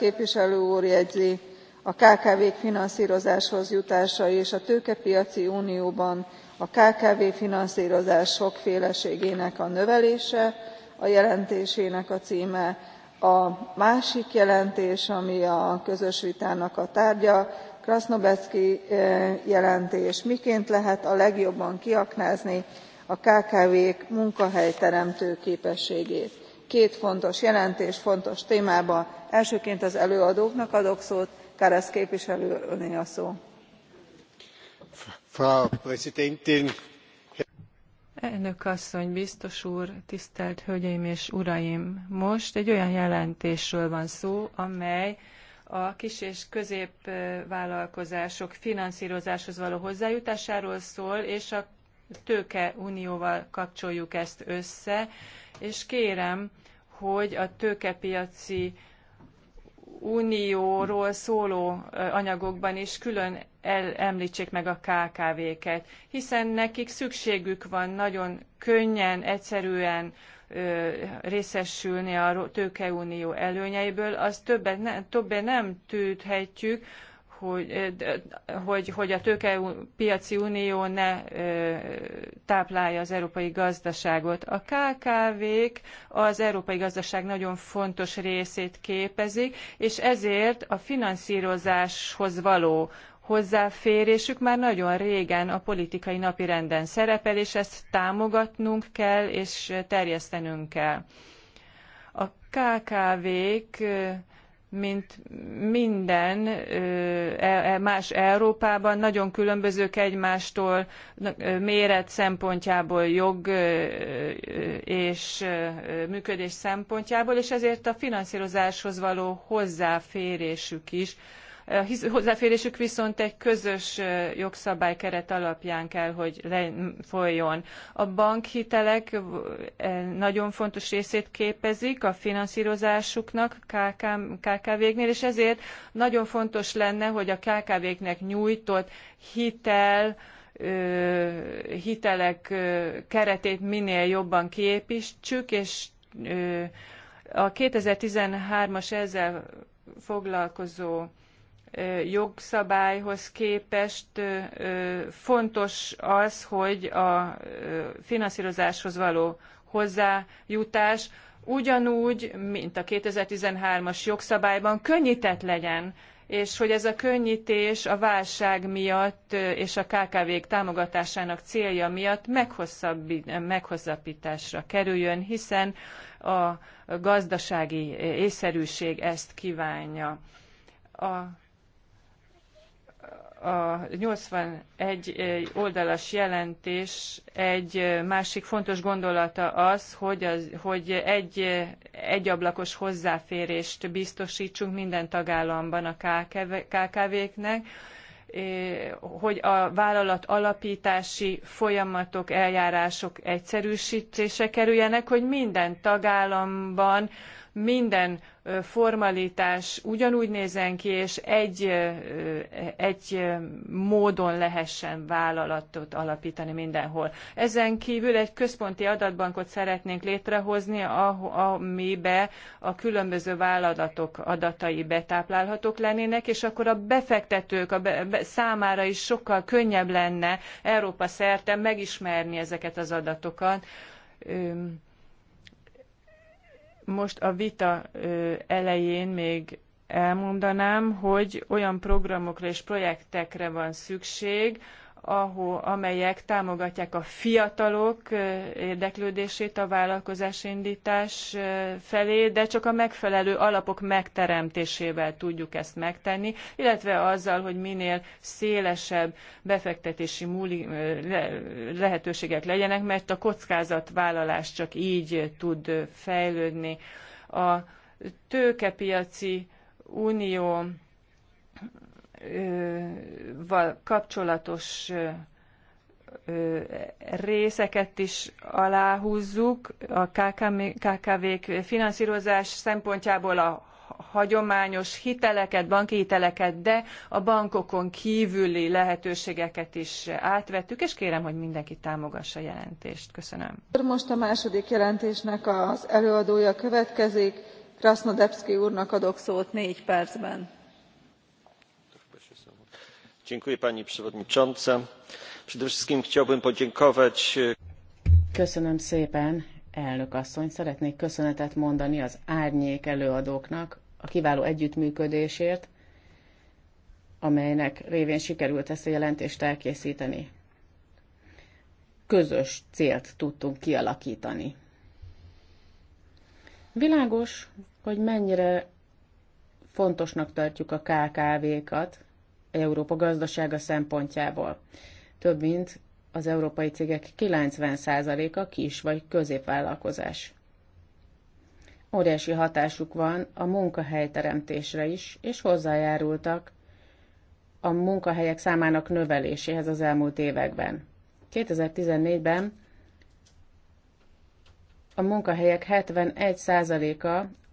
képviselő úr jegyzi a kkv k finanszrozáshoz jutása és a tőkepiaci unióban a kkv finanszrozás sokféleségének a növelése a jelentésének a cme. a másik jelentés ami a közös vitának a tárgya krasnodbski eh, jelentés miként lehet a legjobban kiaknázni a kkv k munkahelyteremtő képességét két fontos jelentés fontos témába elsőként az előadóknak adok szót karas képviselő öné a szó. elnök asszony biztos úr tisztelt hölgyeim és uraim! most egy olyan jelentésről van szó amely a kis és középvállalkozások finanszírozáshoz való hozzájutásáról szól és a tőkeunióval kapcsoljuk ezt össze és kérem hogy a tőkepiaci unióról szóló anyagokban is külön el, említsék meg a KKV-ket, hiszen nekik szükségük van nagyon könnyen, egyszerűen részesülni a tőkeunió előnyeiből, azt többet ne, többé nem tűthetjük, hogy, hogy, hogy a tőkepiaci unió ne táplálja az európai gazdaságot. A KKV-k az európai gazdaság nagyon fontos részét képezik, és ezért a finanszírozáshoz való hozzáférésük már nagyon régen a politikai napirenden szerepel, és ezt támogatnunk kell és terjesztenünk kell. A KKV-k mint minden e, e, más Európában, nagyon különbözők egymástól, méret szempontjából, jog és működés szempontjából, és ezért a finanszírozáshoz való hozzáférésük is Eh, hozzáférésük viszont egy közös eh, jogszabály keret alapján kell, hogy folyjon. A bankhitelek eh, nagyon fontos részét képezik a finanszírozásuknak KK, KKV-knél, és ezért nagyon fontos lenne, hogy a KKV-knek nyújtott hitel, hitelek keretét minél jobban kiépítsük, és a 2013-as ezzel foglalkozó jogszabályhoz képest fontos az, hogy a finanszírozáshoz való hozzájutás ugyanúgy, mint a 2013-as jogszabályban könnyített legyen, és hogy ez a könnyítés a válság miatt és a KKV-k támogatásának célja miatt meghosszabbításra kerüljön, hiszen a gazdasági észszerűség ezt kívánja. A a 81 oldalas jelentés egy másik fontos gondolata az, hogy, az, hogy egy egyablakos hozzáférést biztosítsunk minden tagállamban a KKV-knek, hogy a vállalat alapítási folyamatok, eljárások egyszerűsítése kerüljenek, hogy minden tagállamban minden formalitás ugyanúgy nézzen ki, és egy, egy módon lehessen vállalatot alapítani mindenhol. Ezen kívül egy központi adatbankot szeretnénk létrehozni, amibe a különböző vállalatok adatai betáplálhatók lennének, és akkor a befektetők a be, be, számára is sokkal könnyebb lenne Európa szerte megismerni ezeket az adatokat. Most a vita elején még elmondanám, hogy olyan programokra és projektekre van szükség, ahol, amelyek támogatják a fiatalok érdeklődését a vállalkozásindítás felé, de csak a megfelelő alapok megteremtésével tudjuk ezt megtenni, illetve azzal, hogy minél szélesebb befektetési múli, lehetőségek legyenek, mert a kockázatvállalás csak így tud fejlődni. A tőkepiaci unió val kapcsolatos részeket is aláhúzzuk a KKV-k finanszírozás szempontjából a hagyományos hiteleket, banki hiteleket, de a bankokon kívüli lehetőségeket is átvettük, és kérem, hogy mindenki támogassa a jelentést. Köszönöm. Most a második jelentésnek az előadója következik. Krasznodebszki úrnak adok szót négy percben pani przewodnicząca! przede wszystkim chciałbym podziękować. E, köszönöm szépen elnök asszony szeretnék köszönetet mondani az árnyék előadóknak a kiváló együttműködésért amelynek révén sikerült ezt a jelentést elkészíteni. Közös célt tudtunk kialakítani. Világos, hogy mennyire fontosnak tartjuk a KKV-kat, Európa gazdasága szempontjából. Több mint az európai cégek 90%-a kis vagy középvállalkozás. Óriási hatásuk van a munkahelyteremtésre is, és hozzájárultak a munkahelyek számának növeléséhez az elmúlt években. 2014-ben a munkahelyek 71%-a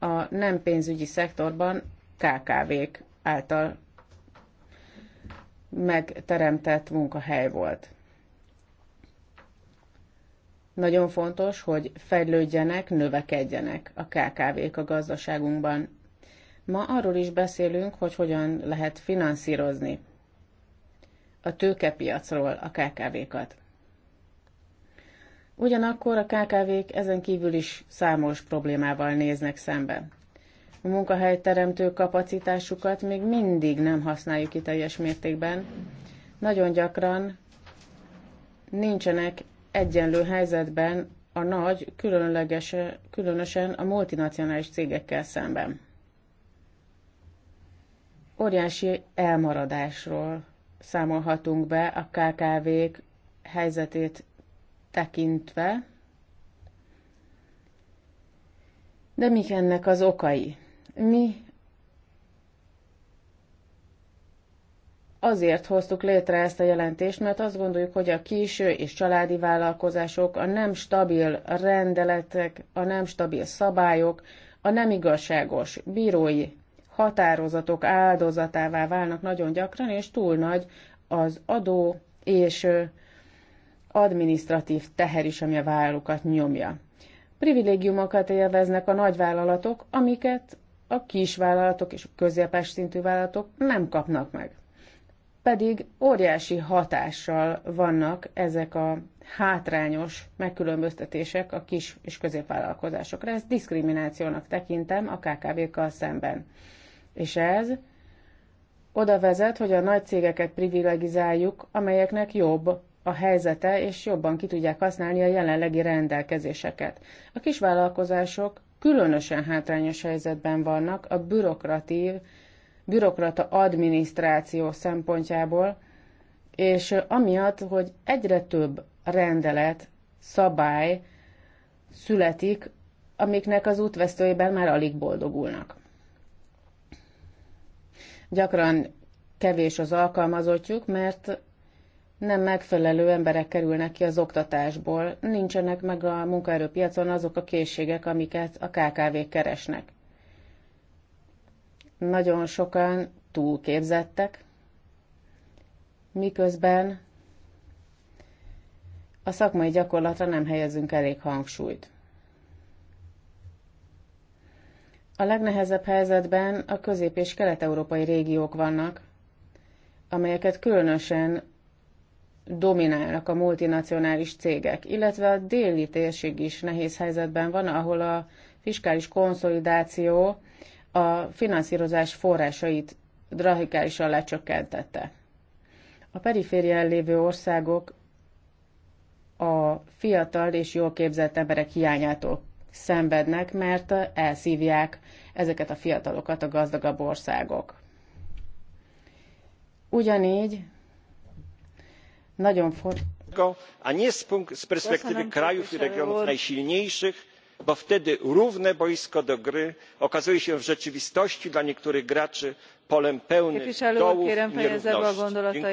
a nem pénzügyi szektorban KKV-k által megteremtett munkahely volt. Nagyon fontos, hogy fejlődjenek, növekedjenek a KKV-k a gazdaságunkban. Ma arról is beszélünk, hogy hogyan lehet finanszírozni a tőkepiacról a KKV-kat. Ugyanakkor a KKV-k ezen kívül is számos problémával néznek szembe a munkahelyteremtő kapacitásukat még mindig nem használjuk ki teljes mértékben. Nagyon gyakran nincsenek egyenlő helyzetben a nagy, különleges, különösen a multinacionális cégekkel szemben. Óriási elmaradásról számolhatunk be a KKV-k helyzetét tekintve, de mik ennek az okai? Mi azért hoztuk létre ezt a jelentést, mert azt gondoljuk, hogy a kis és családi vállalkozások, a nem stabil rendeletek, a nem stabil szabályok, a nem igazságos bírói határozatok áldozatává válnak nagyon gyakran, és túl nagy az adó és administratív teher is, ami a vállukat nyomja. Privilégiumokat élveznek a nagyvállalatok, amiket a kisvállalatok és a középes szintű vállalatok nem kapnak meg. Pedig óriási hatással vannak ezek a hátrányos megkülönböztetések a kis és középvállalkozásokra. Ezt diszkriminációnak tekintem a KKV-kkal szemben. És ez oda vezet, hogy a nagy cégeket privilegizáljuk, amelyeknek jobb a helyzete, és jobban ki tudják használni a jelenlegi rendelkezéseket. A kisvállalkozások különösen hátrányos helyzetben vannak a bürokratív, bürokrata adminisztráció szempontjából, és amiatt, hogy egyre több rendelet, szabály születik, amiknek az útvesztőjében már alig boldogulnak. Gyakran kevés az alkalmazottjuk, mert nem megfelelő emberek kerülnek ki az oktatásból, nincsenek meg a munkaerőpiacon azok a készségek, amiket a kkv keresnek. Nagyon sokan túlképzettek, miközben a szakmai gyakorlatra nem helyezünk elég hangsúlyt. A legnehezebb helyzetben a közép- és kelet-európai régiók vannak, amelyeket különösen dominálnak a multinacionális cégek, illetve a déli térség is nehéz helyzetben van, ahol a fiskális konszolidáció a finanszírozás forrásait drahikálisan lecsökkentette. A periférián lévő országok a fiatal és jól képzett emberek hiányától szenvednek, mert elszívják ezeket a fiatalokat a gazdagabb országok. Ugyanígy a nie z perspektywy krajów i regionów najsilniejszych, bo wtedy równe boisko do gry okazuje się w rzeczywistości dla niektórych graczy polem pełnym dołów i nierówności.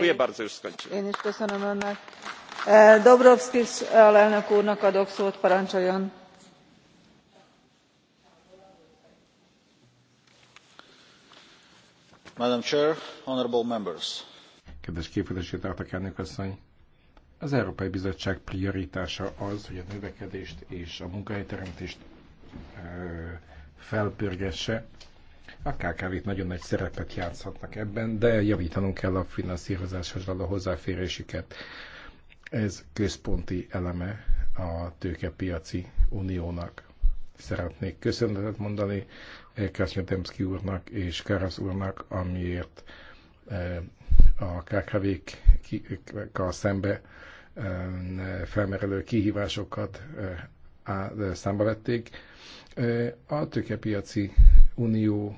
Kedves képviselőtársak, elnök asszony! Az Európai Bizottság prioritása az, hogy a növekedést és a munkahelyteremtést felpörgesse. A kkv nagyon nagy szerepet játszhatnak ebben, de javítanunk kell a finanszírozáshoz való hozzáférésüket. Ez központi eleme a tőkepiaci uniónak. Szeretnék köszönetet mondani Krasnyodemszki úrnak és Karasz úrnak, amiért a KKV-kkal szembe felmerülő kihívásokat számba vették. A tőkepiaci unió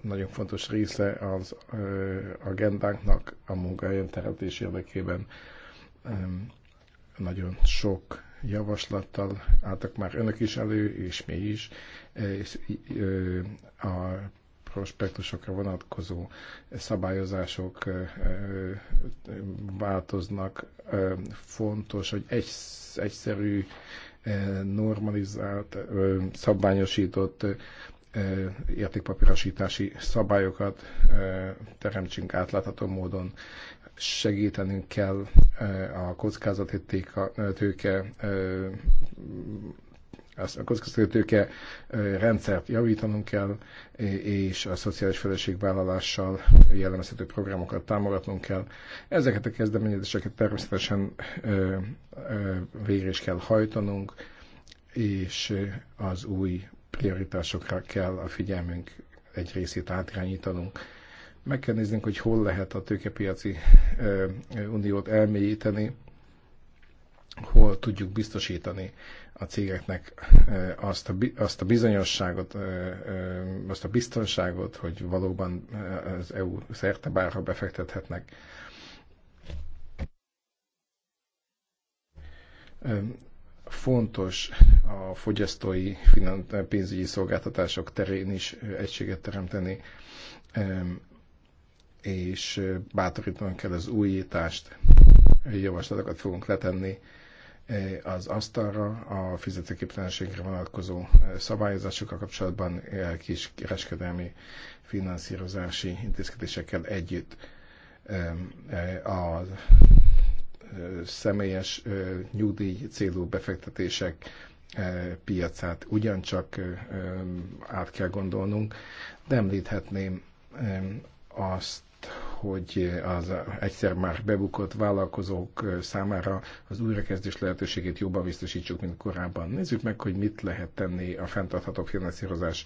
nagyon fontos része az agendánknak a munkahelyen teremtés érdekében. Nagyon sok javaslattal álltak már önök is elő, és mi is. A prospektusokra vonatkozó szabályozások változnak. Fontos, hogy egy, egyszerű, normalizált, szabványosított értékpapírosítási szabályokat teremtsünk átlátható módon. Segítenünk kell a kockázati tőke a kockázatőke rendszert javítanunk kell, és a szociális felelősségvállalással jellemezhető programokat támogatnunk kell. Ezeket a kezdeményezéseket természetesen végre is kell hajtanunk, és az új prioritásokra kell a figyelmünk egy részét átirányítanunk. Meg kell néznünk, hogy hol lehet a tőkepiaci uniót elmélyíteni, hol tudjuk biztosítani a cégeknek azt a, azt a bizonyosságot, azt a biztonságot, hogy valóban az EU szerte bárha befektethetnek. Fontos a fogyasztói pénzügyi szolgáltatások terén is egységet teremteni, és bátorítanunk kell az újítást, javaslatokat fogunk letenni az asztalra a fizetőképtelenségre vonatkozó eh, szabályozásokkal kapcsolatban eh, kis kereskedelmi finanszírozási intézkedésekkel együtt eh, a személyes nyugdíj célú befektetések piacát ugyancsak át kell gondolnunk, de említhetném azt hogy az egyszer már bebukott vállalkozók számára az újrakezdés lehetőségét jobban biztosítsuk, mint korábban. Nézzük meg, hogy mit lehet tenni a fenntartható finanszírozás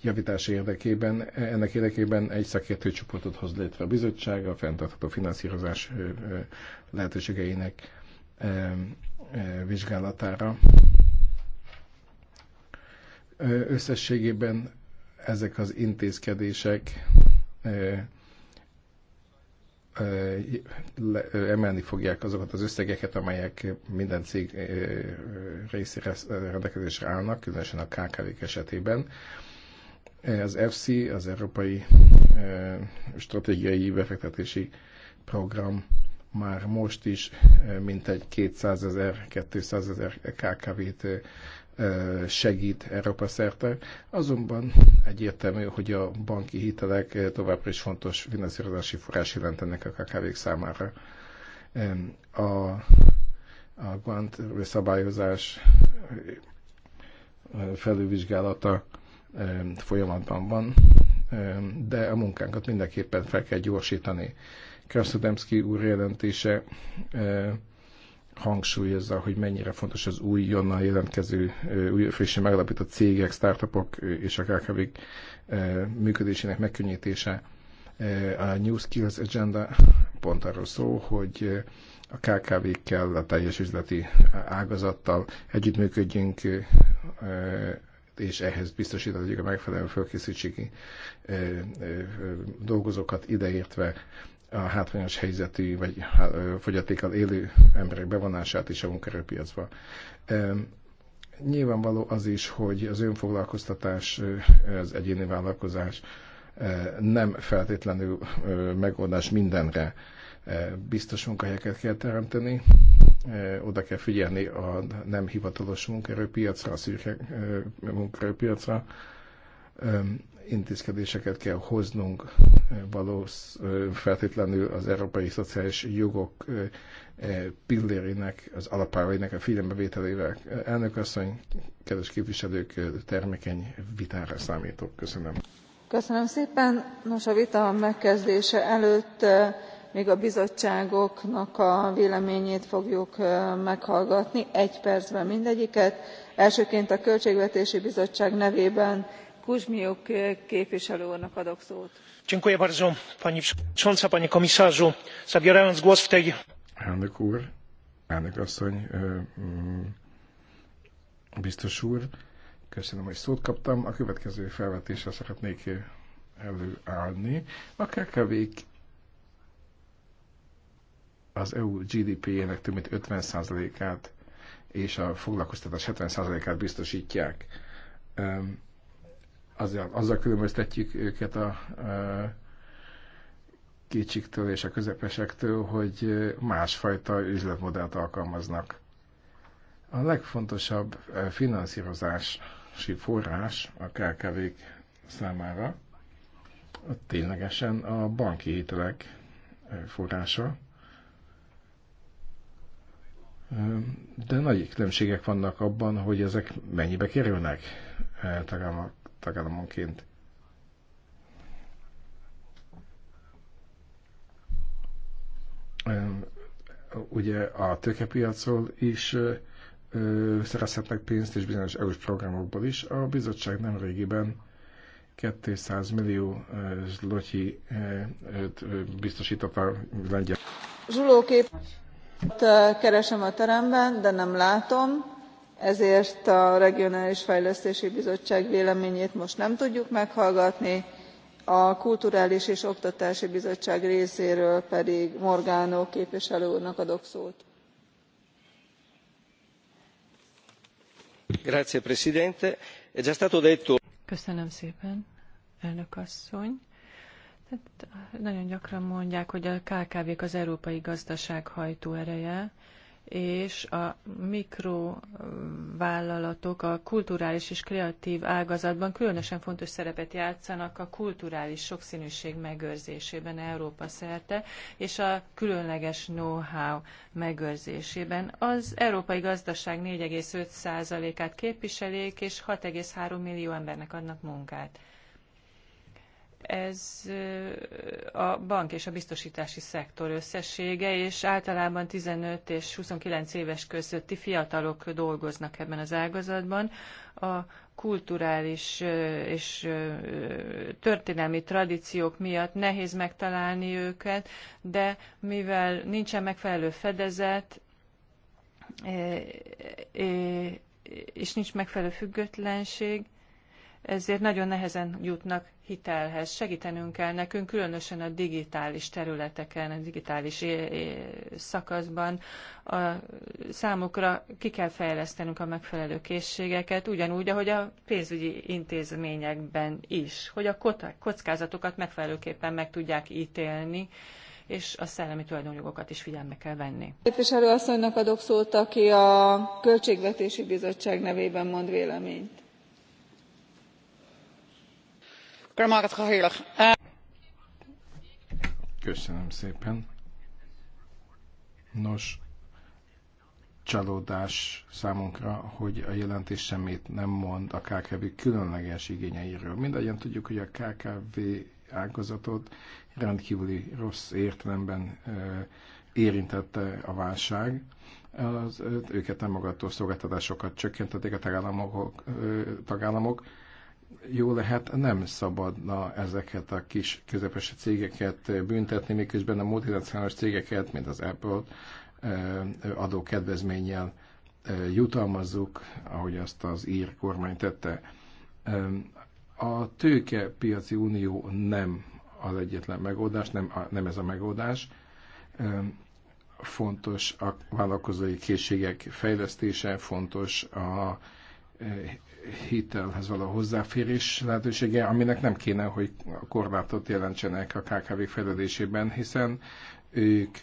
javítása érdekében. Ennek érdekében egy szakértőcsoportot hoz létre a bizottság a fenntartható finanszírozás lehetőségeinek vizsgálatára. Összességében ezek az intézkedések emelni fogják azokat az összegeket, amelyek minden cég részére rendelkezésre állnak, különösen a KKV-k esetében. Az FC, az Európai Stratégiai Befektetési Program már most is mintegy 200 ezer, 200 ezer KKV-t segít Európa szerte, azonban egyértelmű, hogy a banki hitelek továbbra is fontos finanszírozási forrás jelentenek a kkv számára. A, a Guant szabályozás felülvizsgálata folyamatban van, de a munkánkat mindenképpen fel kell gyorsítani. Krasnodemszki úr jelentése hangsúlyozza, hogy mennyire fontos az új újonnan jelentkező, új, frissen megalapított cégek, startupok és a kkv működésének megkönnyítése. A New Skills Agenda pont arról szól, hogy a KKV-kkel, a teljes üzleti ágazattal együttműködjünk, és ehhez biztosítanak a megfelelő fölkészültségi dolgozókat ideértve a hátrányos helyzetű vagy fogyatékkal élő emberek bevonását is a munkerőpiacba. Nyilvánvaló az is, hogy az önfoglalkoztatás, az egyéni vállalkozás nem feltétlenül megoldás mindenre. Biztos munkahelyeket kell teremteni, oda kell figyelni a nem hivatalos munkaerőpiacra, a szürke munkaerőpiacra, intézkedéseket kell hoznunk valós feltétlenül az európai szociális jogok e, pillérének, az alapávainak a figyelembevételével. Elnök asszony, kedves képviselők, termékeny vitára számítok. Köszönöm. Köszönöm szépen. Nos, a vita megkezdése előtt még a bizottságoknak a véleményét fogjuk meghallgatni egy percben mindegyiket elsőként a költségvetési bizottság nevében kuzmiuk eh, képviselő úrnak adok szót. pani przewodnicząca! panie komisarzu! zabierając głos w tej. elnök úr elnök asszony eh, mm, biztos úr köszönöm hogy szót kaptam. a következő felvetéssel szeretnék eh, előállni. A kkv az EU GDP-jének több mint 50%-át és a foglalkoztatás 70%-át biztosítják azzal, azzal különböztetjük őket a, a kicsiktől és a közepesektől, hogy másfajta üzletmodellt alkalmaznak. A legfontosabb finanszírozási forrás a kkv számára a ténylegesen a banki hitelek forrása, de nagy különbségek vannak abban, hogy ezek mennyibe kerülnek. Talán a tagállamonként. Ugye a tőkepiacról is szerezhetnek pénzt, és bizonyos EU-s programokból is. A bizottság nem régiben 200 millió zlotyi biztosított a lengyel. Zsulókép keresem a teremben, de nem látom ezért a regionális fejlesztési bizottság véleményét most nem tudjuk meghallgatni a kulturális és oktatási bizottság részéről pedig morgano képviselő úrnak adok szót. Köszönöm szépen, elnök asszony. nagyon gyakran mondják, hogy a KKV-k az európai gazdaság hajtóereje, és a mikrovállalatok a kulturális és kreatív ágazatban különösen fontos szerepet játszanak a kulturális sokszínűség megőrzésében Európa szerte, és a különleges know-how megőrzésében. Az európai gazdaság 4,5%-át képviselik, és 6,3 millió embernek adnak munkát ez a bank és a biztosítási szektor összessége, és általában 15 és 29 éves közötti fiatalok dolgoznak ebben az ágazatban. A kulturális és történelmi tradíciók miatt nehéz megtalálni őket, de mivel nincsen megfelelő fedezet, és nincs megfelelő függetlenség, ezért nagyon nehezen jutnak hitelhez. Segítenünk kell nekünk, különösen a digitális területeken, a digitális szakaszban a számukra ki kell fejlesztenünk a megfelelő készségeket, ugyanúgy, ahogy a pénzügyi intézményekben is, hogy a kockázatokat megfelelőképpen meg tudják ítélni, és a szellemi tulajdonjogokat is figyelme kell venni. Képviselő asszonynak adok szót, aki a Költségvetési Bizottság nevében mond véleményt. Eh, Köszönöm szépen. Nos, csalódás számunkra, hogy a jelentés semmit nem mond a KKV különleges igényeiről. Mindannyian tudjuk, hogy a KKV ágazatot rendkívüli rossz értelemben érintette a válság. Az, őket támogató szolgáltatásokat csökkentették a tagállamok, tagállamok jó lehet nem szabadna ezeket a kis közepes cégeket büntetni, miközben a multinacionális cégeket, mint az Apple adókedvezménnyel jutalmazzuk, ahogy azt az ír kormány tette. A tőkepiaci unió nem az egyetlen megoldás, nem, nem ez a megoldás. Fontos a vállalkozói készségek fejlesztése, fontos a hitelhez való hozzáférés lehetősége, aminek nem kéne, hogy a korlátot jelentsenek a KKV fejlődésében, hiszen ők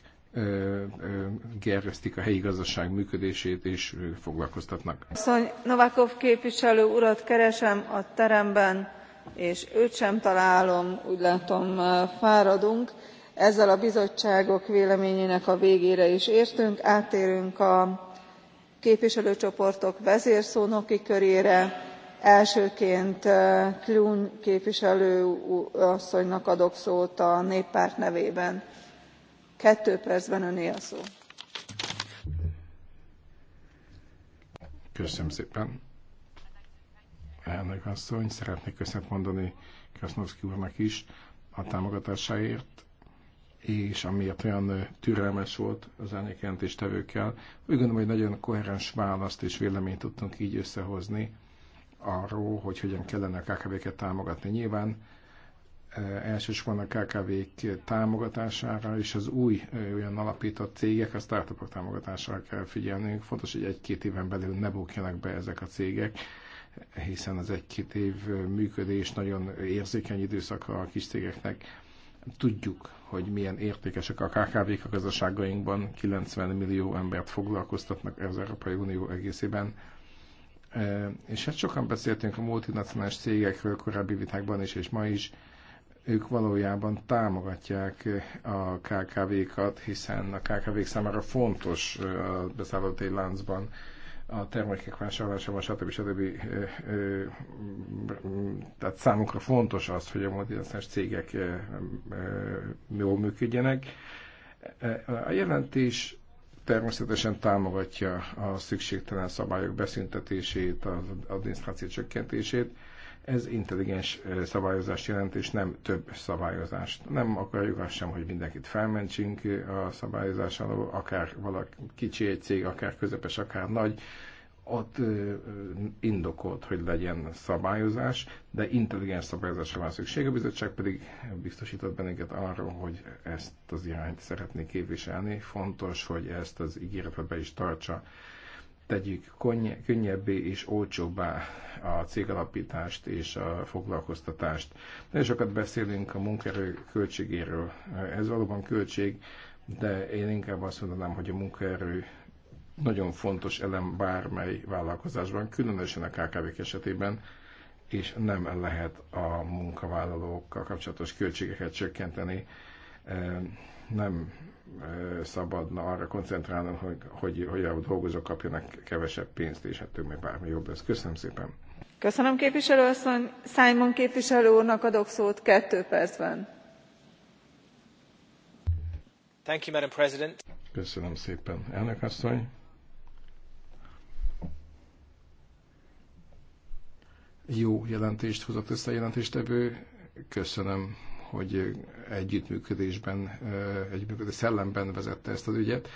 gerjesztik a helyi gazdaság működését és foglalkoztatnak. Szony Novakov képviselő urat keresem a teremben, és őt sem találom, úgy látom fáradunk. Ezzel a bizottságok véleményének a végére is értünk, átérünk a képviselőcsoportok vezérszónoki körére elsőként kluune képviselő asszonynak adok szót a néppárt nevében. kettő percben öné a szó. Köszönöm szépen. Elnök asszony, szeretnék köszönet mondani Krasznovszki úrnak is a támogatásáért és amiért olyan e türelmes volt az tevőkkel. Úgy gondolom, hogy nagyon koherens választ és véleményt tudtunk így összehozni arról, hogy hogyan kellene a KKV-ket támogatni. Nyilván e, elsősorban a KKV-k támogatására és az új e, olyan alapított cégek, a startupok támogatására kell figyelnünk. Fontos, hogy egy-két éven belül ne bukjanak be ezek a cégek, hiszen az egy-két év működés nagyon érzékeny időszaka a kis cégeknek Tudjuk, hogy milyen értékesek a KKV-k a gazdaságainkban, 90 millió embert foglalkoztatnak az Európai Unió egészében, és hát sokan beszéltünk a multinacionális cégekről korábbi vitákban is, és ma is, ők valójában támogatják a KKV-kat, hiszen a KKV-k számára fontos a beszállítói láncban a termékek vásárlásával, stb. stb. Tehát számukra fontos az, hogy a multinacionális cégek jól működjenek. A jelentés természetesen támogatja a szükségtelen szabályok beszüntetését, az adminisztráció csökkentését, ez intelligens szabályozást jelent, és nem több szabályozást. Nem akarjuk azt sem, hogy mindenkit felmentsünk a szabályozás alól, akár valaki kicsi egy cég, akár közepes, akár nagy, ott indokolt, hogy legyen szabályozás, de intelligens szabályozásra van szükség. A bizottság pedig biztosított bennünket arról, hogy ezt az irányt szeretné képviselni. Fontos, hogy ezt az ígéretet be is tartsa. Tegyük könnyebbé és olcsóbbá a cégalapítást és a foglalkoztatást. Nagyon sokat beszélünk a munkaerő költségéről. Ez valóban költség, de én inkább azt mondanám, hogy a munkaerő nagyon fontos elem bármely vállalkozásban, különösen a kkv esetében, és nem lehet a munkavállalókkal kapcsolatos költségeket csökkenteni. Nem szabadna arra koncentrálnom, hogy, hogy, hogy a dolgozók kapjanak kevesebb pénzt, és ettől hát még bármi jobb lesz. Köszönöm szépen! köszönöm simon madam president köszönöm szépen jó jelentést hozott össze a jelentéstevő köszönöm hogy együttműködésben együttműködő szellemben vezette ezt az ügyet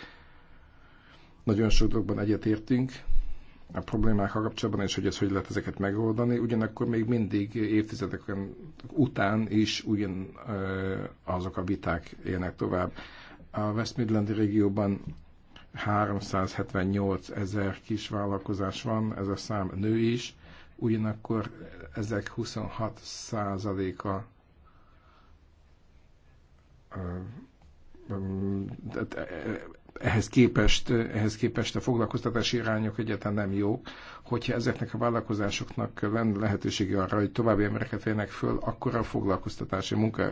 nagyon sok dologban egyetértünk a problémákkal kapcsolatban, és hogy ez hogy lehet ezeket megoldani, ugyanakkor még mindig évtizedeken után is ugyan azok a viták élnek tovább. A West Midlandi régióban 378 ezer kis vállalkozás van, ez a szám nő is, ugyanakkor ezek 26 százaléka ehhez képest, ehhez képest a foglalkoztatási irányok egyáltalán nem jók. Hogyha ezeknek a vállalkozásoknak lenne lehetősége arra, hogy további embereket vegyenek föl, akkor a foglalkoztatási munka,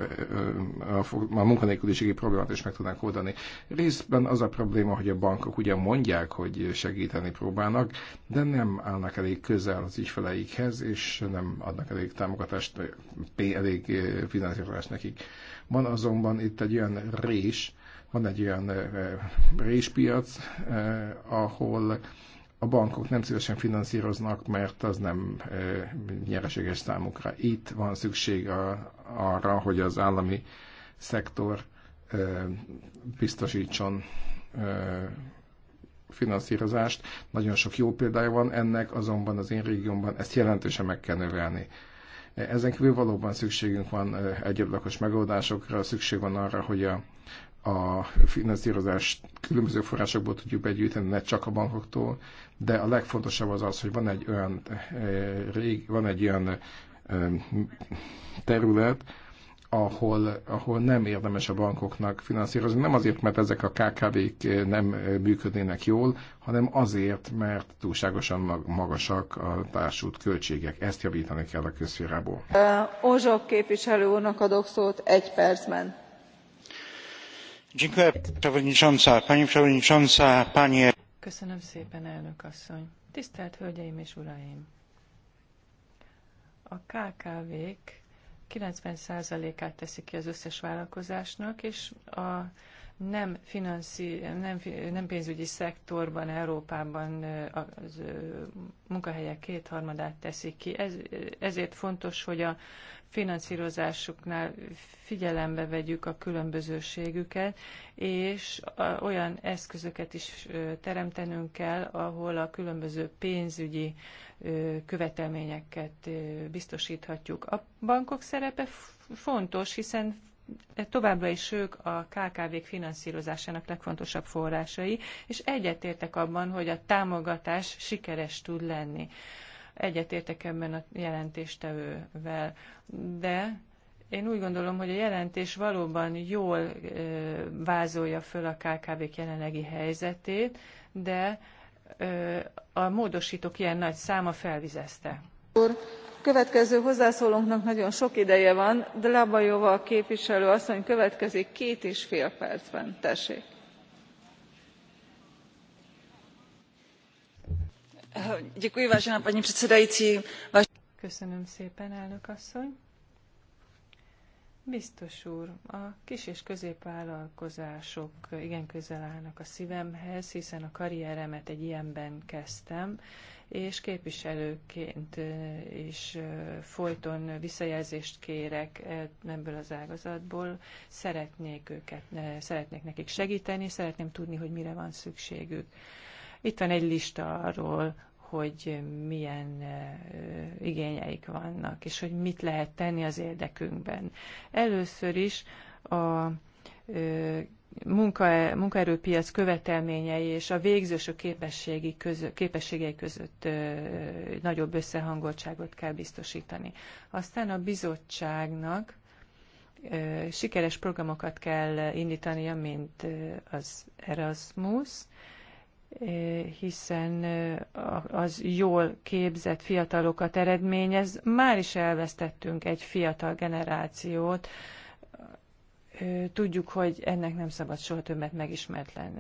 a, fog, a munkanélküliségi problémát is meg tudnánk oldani. Részben az a probléma, hogy a bankok ugyan mondják, hogy segíteni próbálnak, de nem állnak elég közel az ügyfeleikhez, és nem adnak elég támogatást, elég finanszírozást nekik. Van azonban itt egy olyan rés, van egy olyan réspiac, ahol a bankok nem szívesen finanszíroznak, mert az nem nyereséges számukra. Itt van szükség arra, hogy az állami szektor biztosítson finanszírozást. Nagyon sok jó példája van ennek, azonban az én régiómban ezt jelentősen meg kell növelni. Ezen kívül valóban szükségünk van lakos megoldásokra, szükség van arra, hogy a a finanszírozást különböző forrásokból tudjuk begyűjteni, ne csak a bankoktól, de a legfontosabb az az, hogy van egy olyan, eh, van egy olyan eh, terület, ahol, ahol nem érdemes a bankoknak finanszírozni. Nem azért, mert ezek a KKV-k eh, nem működnének jól, hanem azért, mert túlságosan magasak a társult költségek. Ezt javítani kell a közférából. Ozsok képviselő úrnak adok szót egy percben. Köszönöm szépen, elnök asszony. Tisztelt Hölgyeim és Uraim! A KKV-k 90%-át teszik ki az összes vállalkozásnak, és a nem, finanszí, nem, nem pénzügyi szektorban, Európában az munkahelyek kétharmadát teszik ki. Ez, ezért fontos, hogy a finanszírozásuknál figyelembe vegyük a különbözőségüket, és olyan eszközöket is teremtenünk kell, ahol a különböző pénzügyi követelményeket biztosíthatjuk. A bankok szerepe fontos, hiszen továbbra is ők a KKV-k finanszírozásának legfontosabb forrásai, és egyetértek abban, hogy a támogatás sikeres tud lenni. Egyetértek ebben a jelentéstevővel. De én úgy gondolom, hogy a jelentés valóban jól ö, vázolja föl a KKV-k jelenlegi helyzetét, de ö, a módosítók ilyen nagy száma felvizezte következő hozzászólónknak nagyon sok ideje van dlabajová képviselő asszony következik két és fél percben tessék. elnök asszony biztos úr a kis és középvállalkozások igen közel állnak a szívemhez hiszen a karrieremet egy ilyenben kezdtem és képviselőként is folyton visszajelzést kérek ebből az ágazatból. Szeretnék őket, szeretnék nekik segíteni, szeretném tudni, hogy mire van szükségük. Itt van egy lista arról, hogy milyen igényeik vannak, és hogy mit lehet tenni az érdekünkben. Először is a munkaerőpiac követelményei és a végzősök képességi közö, képességei között nagyobb összehangoltságot kell biztosítani. Aztán a bizottságnak sikeres programokat kell indítania, mint az Erasmus, hiszen az jól képzett fiatalokat eredményez. Már is elvesztettünk egy fiatal generációt, tudjuk, hogy ennek nem szabad soha többet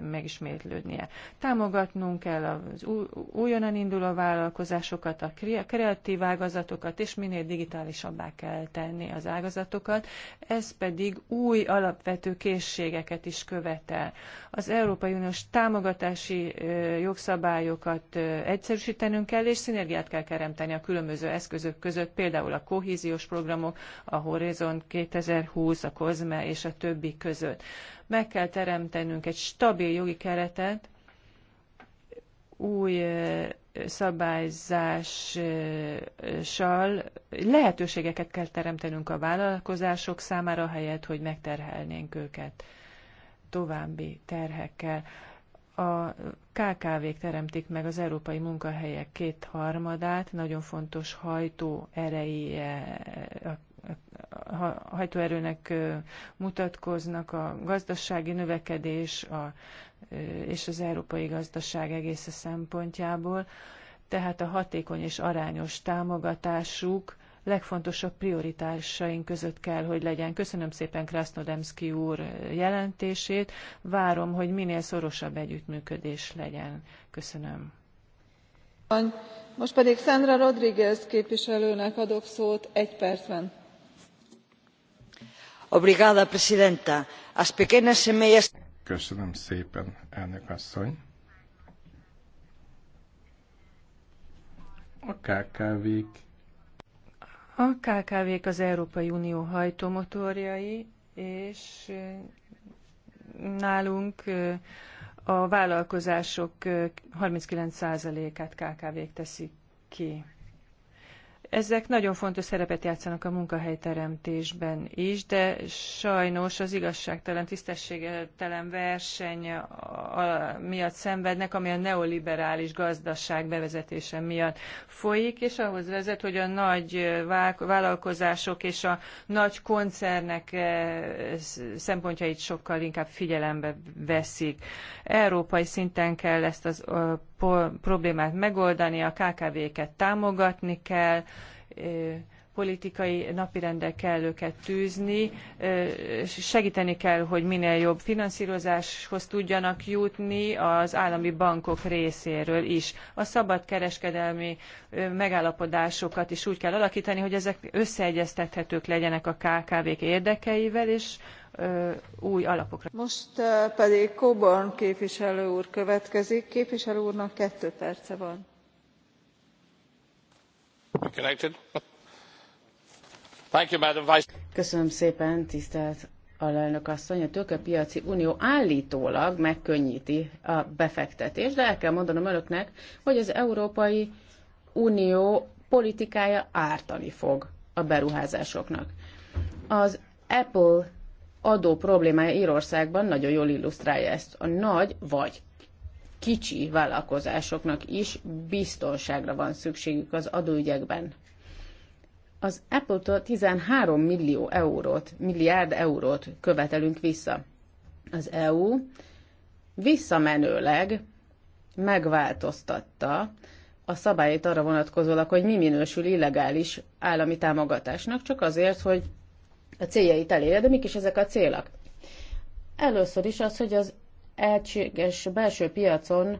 megismétlődnie. Támogatnunk kell az újonnan induló vállalkozásokat, a kreatív ágazatokat, és minél digitálisabbá kell tenni az ágazatokat. Ez pedig új alapvető készségeket is követel. Az Európai Uniós támogatási jogszabályokat egyszerűsítenünk kell, és szinergiát kell keremteni a különböző eszközök között, például a kohéziós programok, a Horizon 2020, a COSME és a többi között. Meg kell teremtenünk egy stabil jogi keretet, új szabályzással lehetőségeket kell teremtenünk a vállalkozások számára, helyett, hogy megterhelnénk őket további terhekkel. A KKV-k teremtik meg az európai munkahelyek kétharmadát, nagyon fontos hajtó ereje a hajtóerőnek mutatkoznak a gazdasági növekedés a, és az európai gazdaság egész szempontjából. Tehát a hatékony és arányos támogatásuk legfontosabb prioritásaink között kell, hogy legyen. Köszönöm szépen Krasznodemszki úr jelentését. Várom, hogy minél szorosabb együttműködés legyen. Köszönöm. Most pedig Sandra Rodriguez képviselőnek adok szót egy percben Obrigada, Presidenta. As pequenas e meias... Köszönöm szépen, elnök asszony. A KKV-k. A kkv az Európai Unió hajtómotorjai, és nálunk a vállalkozások 39%-át KKV-k teszik ki. Ezek nagyon fontos szerepet játszanak a munkahelyteremtésben is, de sajnos az igazságtalan, tisztességtelen verseny miatt szenvednek, ami a neoliberális gazdaság bevezetése miatt folyik, és ahhoz vezet, hogy a nagy vállalkozások és a nagy koncernek eh, szempontjait sokkal inkább figyelembe veszik. Európai szinten kell ezt az problémát megoldani, a KKV-ket támogatni kell, politikai napirendre kell őket tűzni, segíteni kell, hogy minél jobb finanszírozáshoz tudjanak jutni az állami bankok részéről is. A szabad kereskedelmi megállapodásokat is úgy kell alakítani, hogy ezek összeegyeztethetők legyenek a KKV-k érdekeivel, és új alapokra. Most pedig Coburn képviselő úr következik. Képviselő úrnak kettő perce van. Connected. Thank you, Madam Vice. Köszönöm szépen, tisztelt alelnök asszony, a tőkepiaci unió állítólag megkönnyíti a befektetést, de el kell mondanom önöknek, hogy az Európai Unió politikája ártani fog a beruházásoknak. Az Apple adó problémája Írországban nagyon jól illusztrálja ezt. A nagy vagy kicsi vállalkozásoknak is biztonságra van szükségük az adóügyekben. Az apple tól 13 millió eurót, milliárd eurót követelünk vissza. Az EU visszamenőleg megváltoztatta a szabályt arra vonatkozólag, hogy mi minősül illegális állami támogatásnak, csak azért, hogy a céljait elérje, de mik is ezek a célok? Először is az, hogy az egységes belső piacon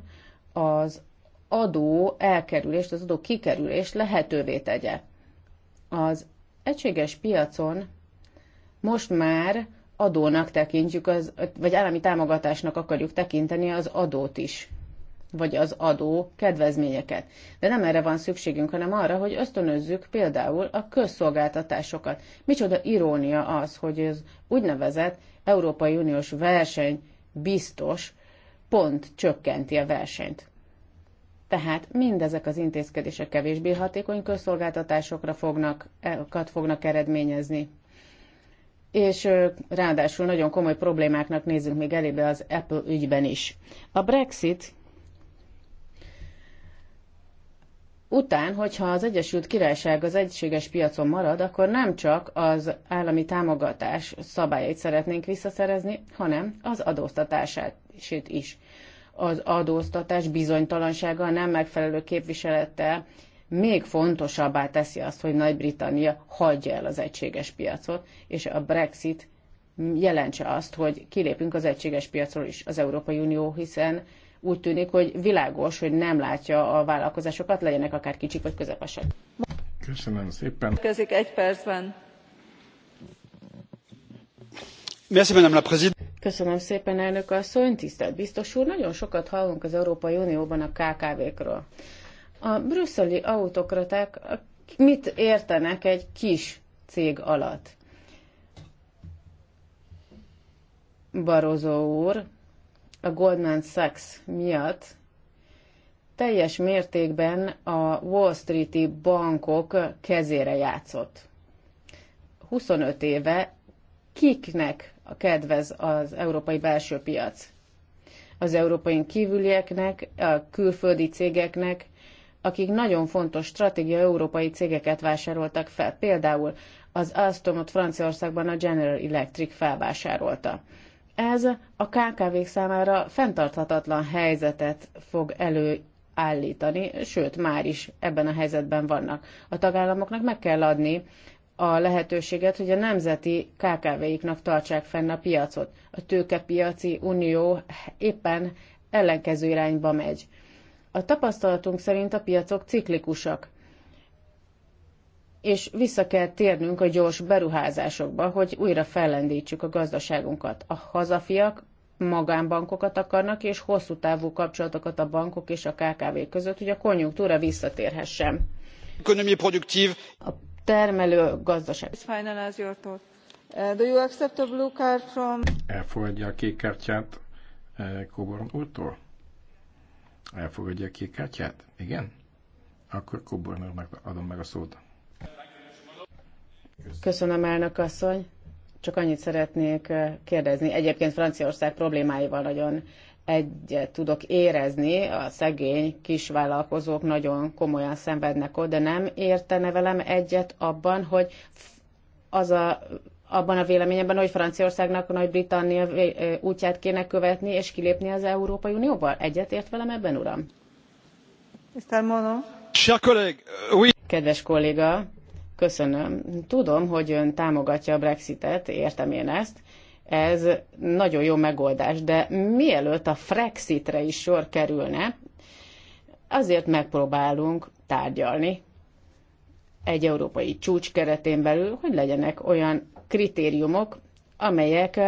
az adó elkerülést, az adó kikerülést lehetővé tegye. Az egységes piacon most már adónak tekintjük, az, vagy állami támogatásnak akarjuk tekinteni az adót is vagy az adó kedvezményeket. De nem erre van szükségünk, hanem arra, hogy ösztönözzük például a közszolgáltatásokat. Micsoda irónia az, hogy az úgynevezett Európai Uniós verseny biztos pont csökkenti a versenyt. Tehát mindezek az intézkedések kevésbé hatékony közszolgáltatásokra fognak, e, fognak eredményezni. És ráadásul nagyon komoly problémáknak nézzünk még elébe az Apple ügyben is. A Brexit után, hogyha az Egyesült Királyság az egységes piacon marad, akkor nem csak az állami támogatás szabályait szeretnénk visszaszerezni, hanem az adóztatását is. Az adóztatás bizonytalansága, nem megfelelő képviselettel még fontosabbá teszi azt, hogy Nagy-Britannia hagyja el az egységes piacot, és a Brexit jelentse azt, hogy kilépünk az egységes piacról is az Európai Unió, hiszen úgy tűnik, hogy világos, hogy nem látja a vállalkozásokat, legyenek akár kicsik vagy közepesek. Köszönöm szépen. Közik egy percben. Köszönöm szépen, elnök asszony, tisztelt biztos úr. Nagyon sokat hallunk az Európai Unióban a KKV-kről. A brüsszeli autokraták mit értenek egy kis cég alatt? Barozó úr, a Goldman Sachs miatt teljes mértékben a Wall Street-i bankok kezére játszott. 25 éve kiknek a kedvez az európai belső piac? Az európai kívülieknek, a külföldi cégeknek, akik nagyon fontos stratégia európai cégeket vásároltak fel. Például az Alstomot Franciaországban a General Electric felvásárolta. Ez a KKV-k számára fenntarthatatlan helyzetet fog elő állítani, sőt, már is ebben a helyzetben vannak. A tagállamoknak meg kell adni a lehetőséget, hogy a nemzeti KKV-iknak tartsák fenn a piacot. A tőkepiaci unió éppen ellenkező irányba megy. A tapasztalatunk szerint a piacok ciklikusak és vissza kell térnünk a gyors beruházásokba, hogy újra fellendítsük a gazdaságunkat. A hazafiak magánbankokat akarnak, és hosszú távú kapcsolatokat a bankok és a KKV között, hogy a konjunktúra visszatérhessen. A termelő gazdaság. Uh, do you accept a blue card from... Elfogadja a kék kártyát uh, Koboron úrtól? Elfogadja a kék kártyát? Igen? Akkor Koboron adom meg a szót. Köszönöm, elnök asszony. Csak annyit szeretnék kérdezni. Egyébként Franciaország problémáival nagyon egyet tudok érezni, a szegény kisvállalkozók nagyon komolyan szenvednek ott, de nem értene velem egyet abban, hogy az a, abban a véleményemben, hogy Franciaországnak Nagy-Britannia útját kéne követni és kilépni az Európai Unióból. Egyet ért velem ebben, uram? Mr. Mono. Euh, Kedves kolléga, Köszönöm. Tudom, hogy ön támogatja a Brexitet, értem én ezt. Ez nagyon jó megoldás, de mielőtt a Frexitre is sor kerülne, azért megpróbálunk tárgyalni egy európai csúcs keretén belül, hogy legyenek olyan kritériumok, amelyek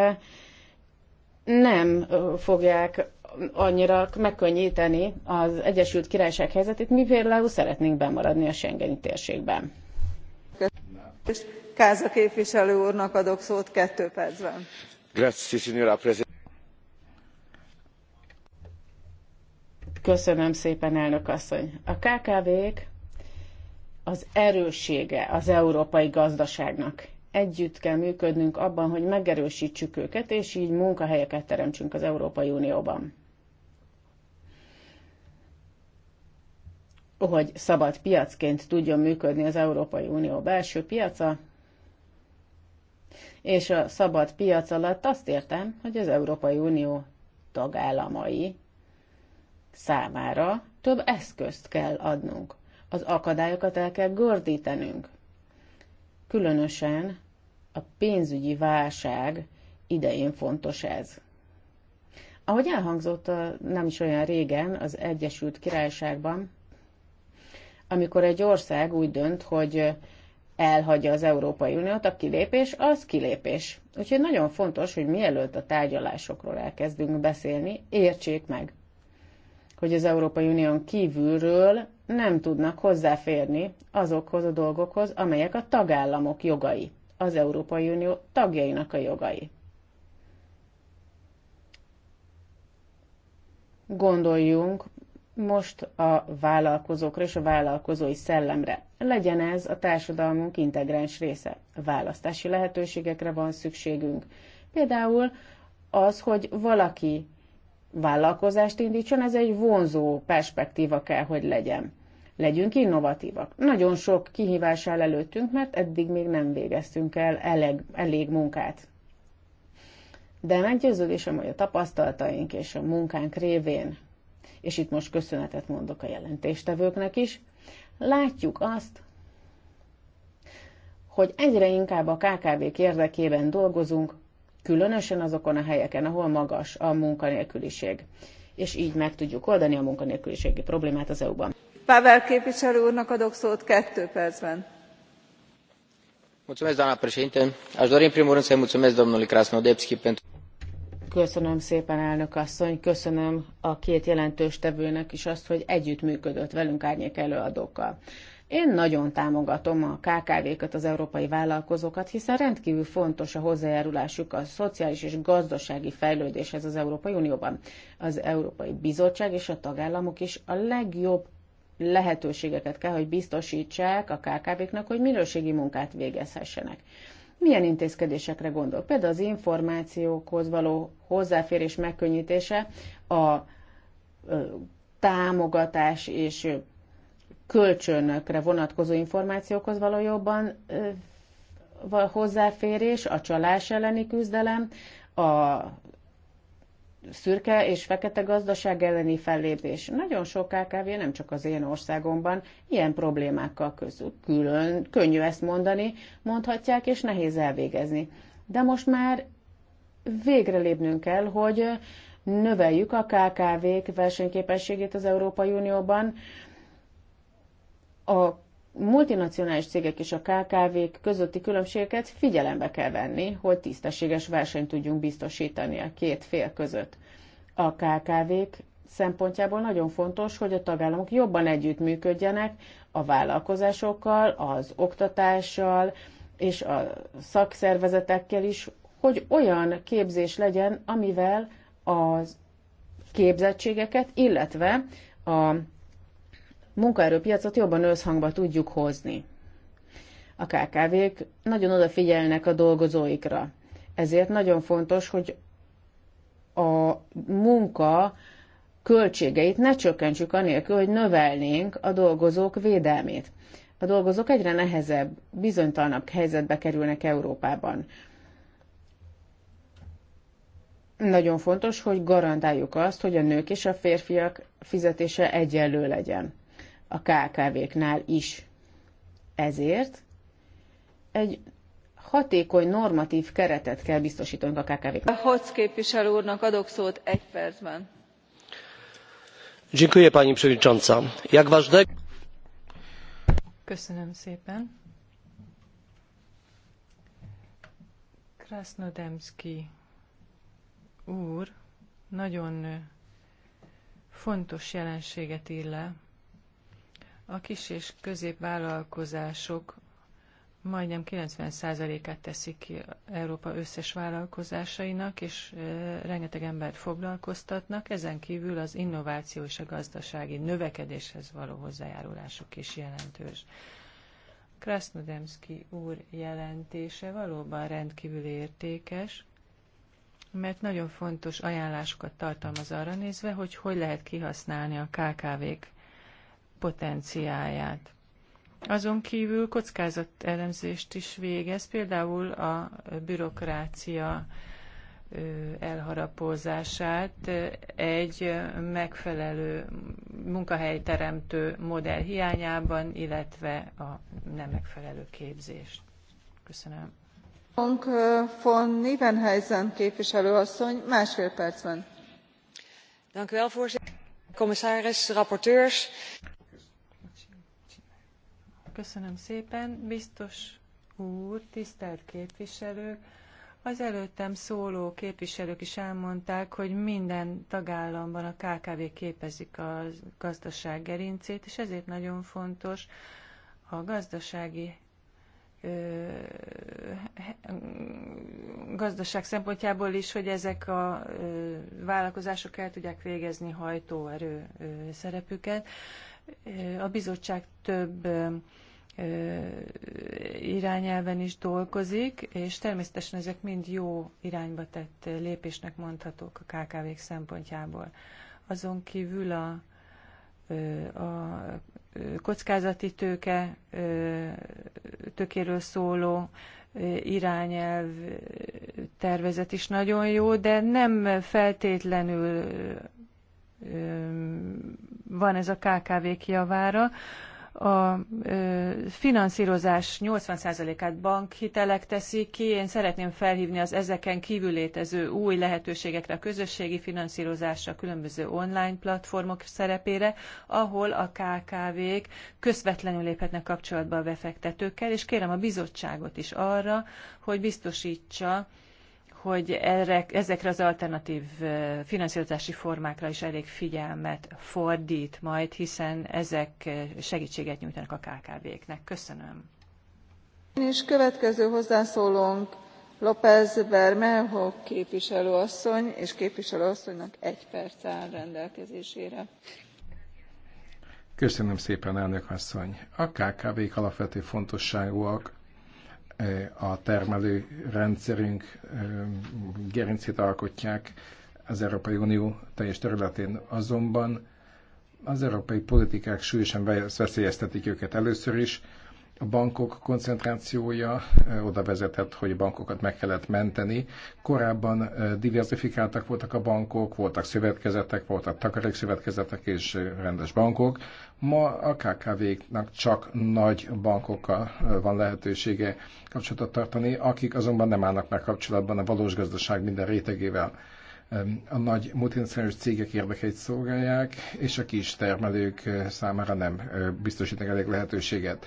nem fogják annyira megkönnyíteni az Egyesült Királyság helyzetét, mi például szeretnénk bemaradni a Schengeni térségben képviselő úrnak adok szót two percben. Köszönöm szépen, elnök asszony. A KKV-k az erőssége az európai gazdaságnak. Együtt kell működnünk abban, hogy megerőstsük őket, és így munkahelyeket teremtsünk az Európai Unióban. hogy szabad piacként tudjon működni az Európai Unió belső piaca, és a szabad piac alatt azt értem, hogy az Európai Unió tagállamai számára több eszközt kell adnunk. Az akadályokat el kell gördítenünk. Különösen a pénzügyi válság idején fontos ez. Ahogy elhangzott nem is olyan régen az Egyesült Királyságban, amikor egy ország úgy dönt, hogy elhagyja az Európai Uniót, a kilépés az kilépés. Úgyhogy nagyon fontos, hogy mielőtt a tárgyalásokról elkezdünk beszélni, értsék meg, hogy az Európai Unión kívülről nem tudnak hozzáférni azokhoz a dolgokhoz, amelyek a tagállamok jogai, az Európai Unió tagjainak a jogai. Gondoljunk most a vállalkozókra és a vállalkozói szellemre. Legyen ez a társadalmunk integráns része. Választási lehetőségekre van szükségünk. Például az, hogy valaki vállalkozást indítson, ez egy vonzó perspektíva kell, hogy legyen. Legyünk innovatívak. Nagyon sok kihívás áll előttünk, mert eddig még nem végeztünk el elég, elég munkát. De meggyőződésem, hogy a tapasztalataink és a munkánk révén és itt most köszönetet mondok a jelentéstevőknek is, látjuk azt, hogy egyre inkább a KKV-k érdekében dolgozunk, különösen azokon a helyeken, ahol magas a munkanélküliség. És így meg tudjuk oldani a munkanélküliségi problémát az EU-ban. Pavel képviselő úrnak adok szót kettő percben. Mulțumesc, doamna președinte. Aș dori în primul rând să-i mulțumesc domnului Krasnodebski pentru Köszönöm szépen, elnök asszony, köszönöm a két jelentős tevőnek is azt, hogy együttműködött velünk árnyék előadókkal. Én nagyon támogatom a KKV-kat, az európai vállalkozókat, hiszen rendkívül fontos a hozzájárulásuk a szociális és gazdasági fejlődéshez az Európai Unióban. Az Európai Bizottság és a tagállamok is a legjobb lehetőségeket kell, hogy biztosítsák a KKV-knak, hogy minőségi munkát végezhessenek milyen intézkedésekre gondol? Például az információkhoz való hozzáférés megkönnyítése, a támogatás és kölcsönökre vonatkozó információkhoz való jobban hozzáférés, a csalás elleni küzdelem, a szürke és fekete gazdaság elleni fellépés. Nagyon sok KKV, nem csak az én országomban, ilyen problémákkal közül. Külön, könnyű ezt mondani, mondhatják, és nehéz elvégezni. De most már végre lépnünk kell, hogy növeljük a KKV-k versenyképességét az Európai Unióban, a multinacionális cégek és a KKV-k közötti különbségeket figyelembe kell venni, hogy tisztességes versenyt tudjunk biztosítani a két fél között. A KKV-k szempontjából nagyon fontos, hogy a tagállamok jobban együttműködjenek a vállalkozásokkal, az oktatással és a szakszervezetekkel is, hogy olyan képzés legyen, amivel az képzettségeket, illetve a munkaerőpiacot jobban összhangba tudjuk hozni. A KKV-k nagyon odafigyelnek a dolgozóikra. Ezért nagyon fontos, hogy a munka költségeit ne csökkentsük anélkül, hogy növelnénk a dolgozók védelmét. A dolgozók egyre nehezebb, bizonytalanabb helyzetbe kerülnek Európában. Nagyon fontos, hogy garantáljuk azt, hogy a nők és a férfiak fizetése egyenlő legyen a KKV-knál is. Ezért egy hatékony normatív keretet kell biztosítani a KKV-knak. A Hoc képviselő úrnak adok szót egy percben. Dziękuję pani przewodnicząca. Jak ważne... Köszönöm szépen. Krasnodemski úr nagyon fontos jelenséget ír le a kis és középvállalkozások majdnem 90%-át teszik ki Európa összes vállalkozásainak, és e, rengeteg embert foglalkoztatnak. Ezen kívül az innováció és a gazdasági növekedéshez való hozzájárulásuk is jelentős. Krasnodemski úr jelentése valóban rendkívül értékes, mert nagyon fontos ajánlásokat tartalmaz arra nézve, hogy hogy lehet kihasználni a KKV-k potenciáját. Azon kívül elemzést is végez, például a bürokrácia elharapózását egy megfelelő munkahelyteremtő modell hiányában, illetve a nem megfelelő képzést. Köszönöm. Von Nivenheisen képviselőasszony, másfél percben. Dank u wel, voorzitter. Commissaris, rapporteurs. Köszönöm szépen. Biztos úr, tisztelt képviselők, az előttem szóló képviselők is elmondták, hogy minden tagállamban a KKV képezik a gazdaság gerincét, és ezért nagyon fontos a gazdasági gazdaság szempontjából is, hogy ezek a vállalkozások el tudják végezni hajtóerő szerepüket. A bizottság több irányelven is dolgozik, és természetesen ezek mind jó irányba tett lépésnek mondhatók a KKV-k szempontjából. Azon kívül a, a kockázati tőke tökéről szóló irányelv tervezet is nagyon jó, de nem feltétlenül van ez a KKV-k javára, a finanszírozás 80%-át bankhitelek teszik ki. Én szeretném felhívni az ezeken kívül létező új lehetőségekre, a közösségi finanszírozásra, különböző online platformok szerepére, ahol a KKV-k közvetlenül léphetnek kapcsolatba a befektetőkkel, és kérem a bizottságot is arra, hogy biztosítsa, hogy erre, ezekre az alternatív finanszírozási formákra is elég figyelmet fordít majd, hiszen ezek segítséget nyújtanak a KKV-knek. Köszönöm. És következő hozzászólónk López Bermejo képviselőasszony, és képviselőasszonynak egy perc áll rendelkezésére. Köszönöm szépen, elnök asszony. A KKV-k alapvető fontosságúak a termelő rendszerünk gerincét alkotják az Európai Unió teljes területén. Azonban az európai politikák súlyosan veszélyeztetik őket először is, a bankok koncentrációja oda vezetett, hogy bankokat meg kellett menteni. Korábban diversifikáltak voltak a bankok, voltak szövetkezetek, voltak takarékszövetkezetek és rendes bankok. Ma a KKV-knak csak nagy bankokkal van lehetősége kapcsolatot tartani, akik azonban nem állnak meg kapcsolatban a valós gazdaság minden rétegével a nagy multinacionális cégek érdekeit szolgálják, és a kis termelők számára nem biztosítanak elég lehetőséget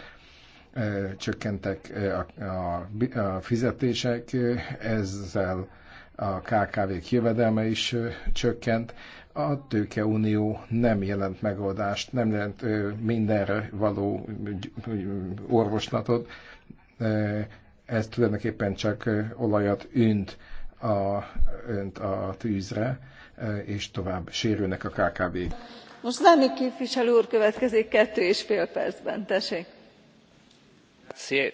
csökkentek a, a, a fizetések, ezzel a KKV-k jövedelme is csökkent. A tőkeunió nem jelent megoldást, nem jelent mindenre való orvoslatot. Ez tulajdonképpen csak olajat ünt a, önt a tűzre, és tovább sérülnek a KKV-k. Most nem képviselő úr következik kettő és fél percben, tessék. Eh,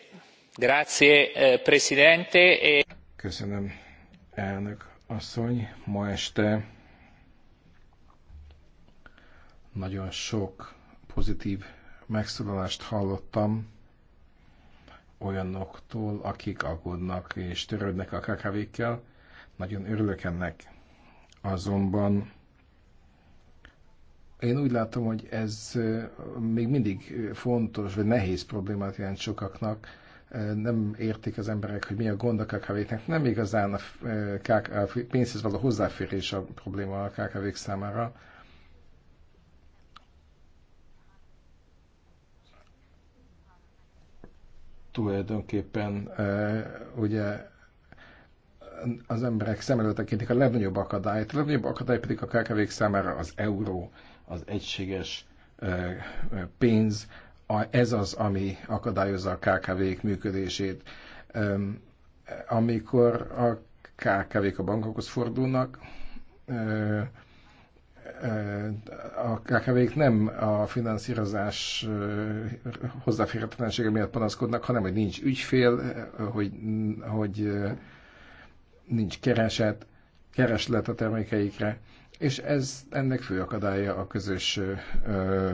e- Köszönöm, elnök asszony. Ma este nagyon sok pozitív megszólalást hallottam olyanoktól, akik aggódnak és törődnek a kkv Nagyon örülök ennek. Azonban én úgy látom, hogy ez még mindig fontos, vagy nehéz problémát jelent sokaknak. Nem értik az emberek, hogy mi a gond a KKV-knek. Nem igazán a, pénzhez való hozzáférés a probléma a KKV-k számára. Tulajdonképpen ugye az emberek szem előtt a legnagyobb akadályt, a legnagyobb akadály pedig a kkv számára az euró az egységes pénz, ez az, ami akadályozza a KKV-k működését. Amikor a KKV-k a bankokhoz fordulnak, a kkv nem a finanszírozás hozzáférhetetlensége miatt panaszkodnak, hanem hogy nincs ügyfél, hogy, hogy nincs kereset, kereslet a termékeikre és ez ennek fő akadálya a közös ö,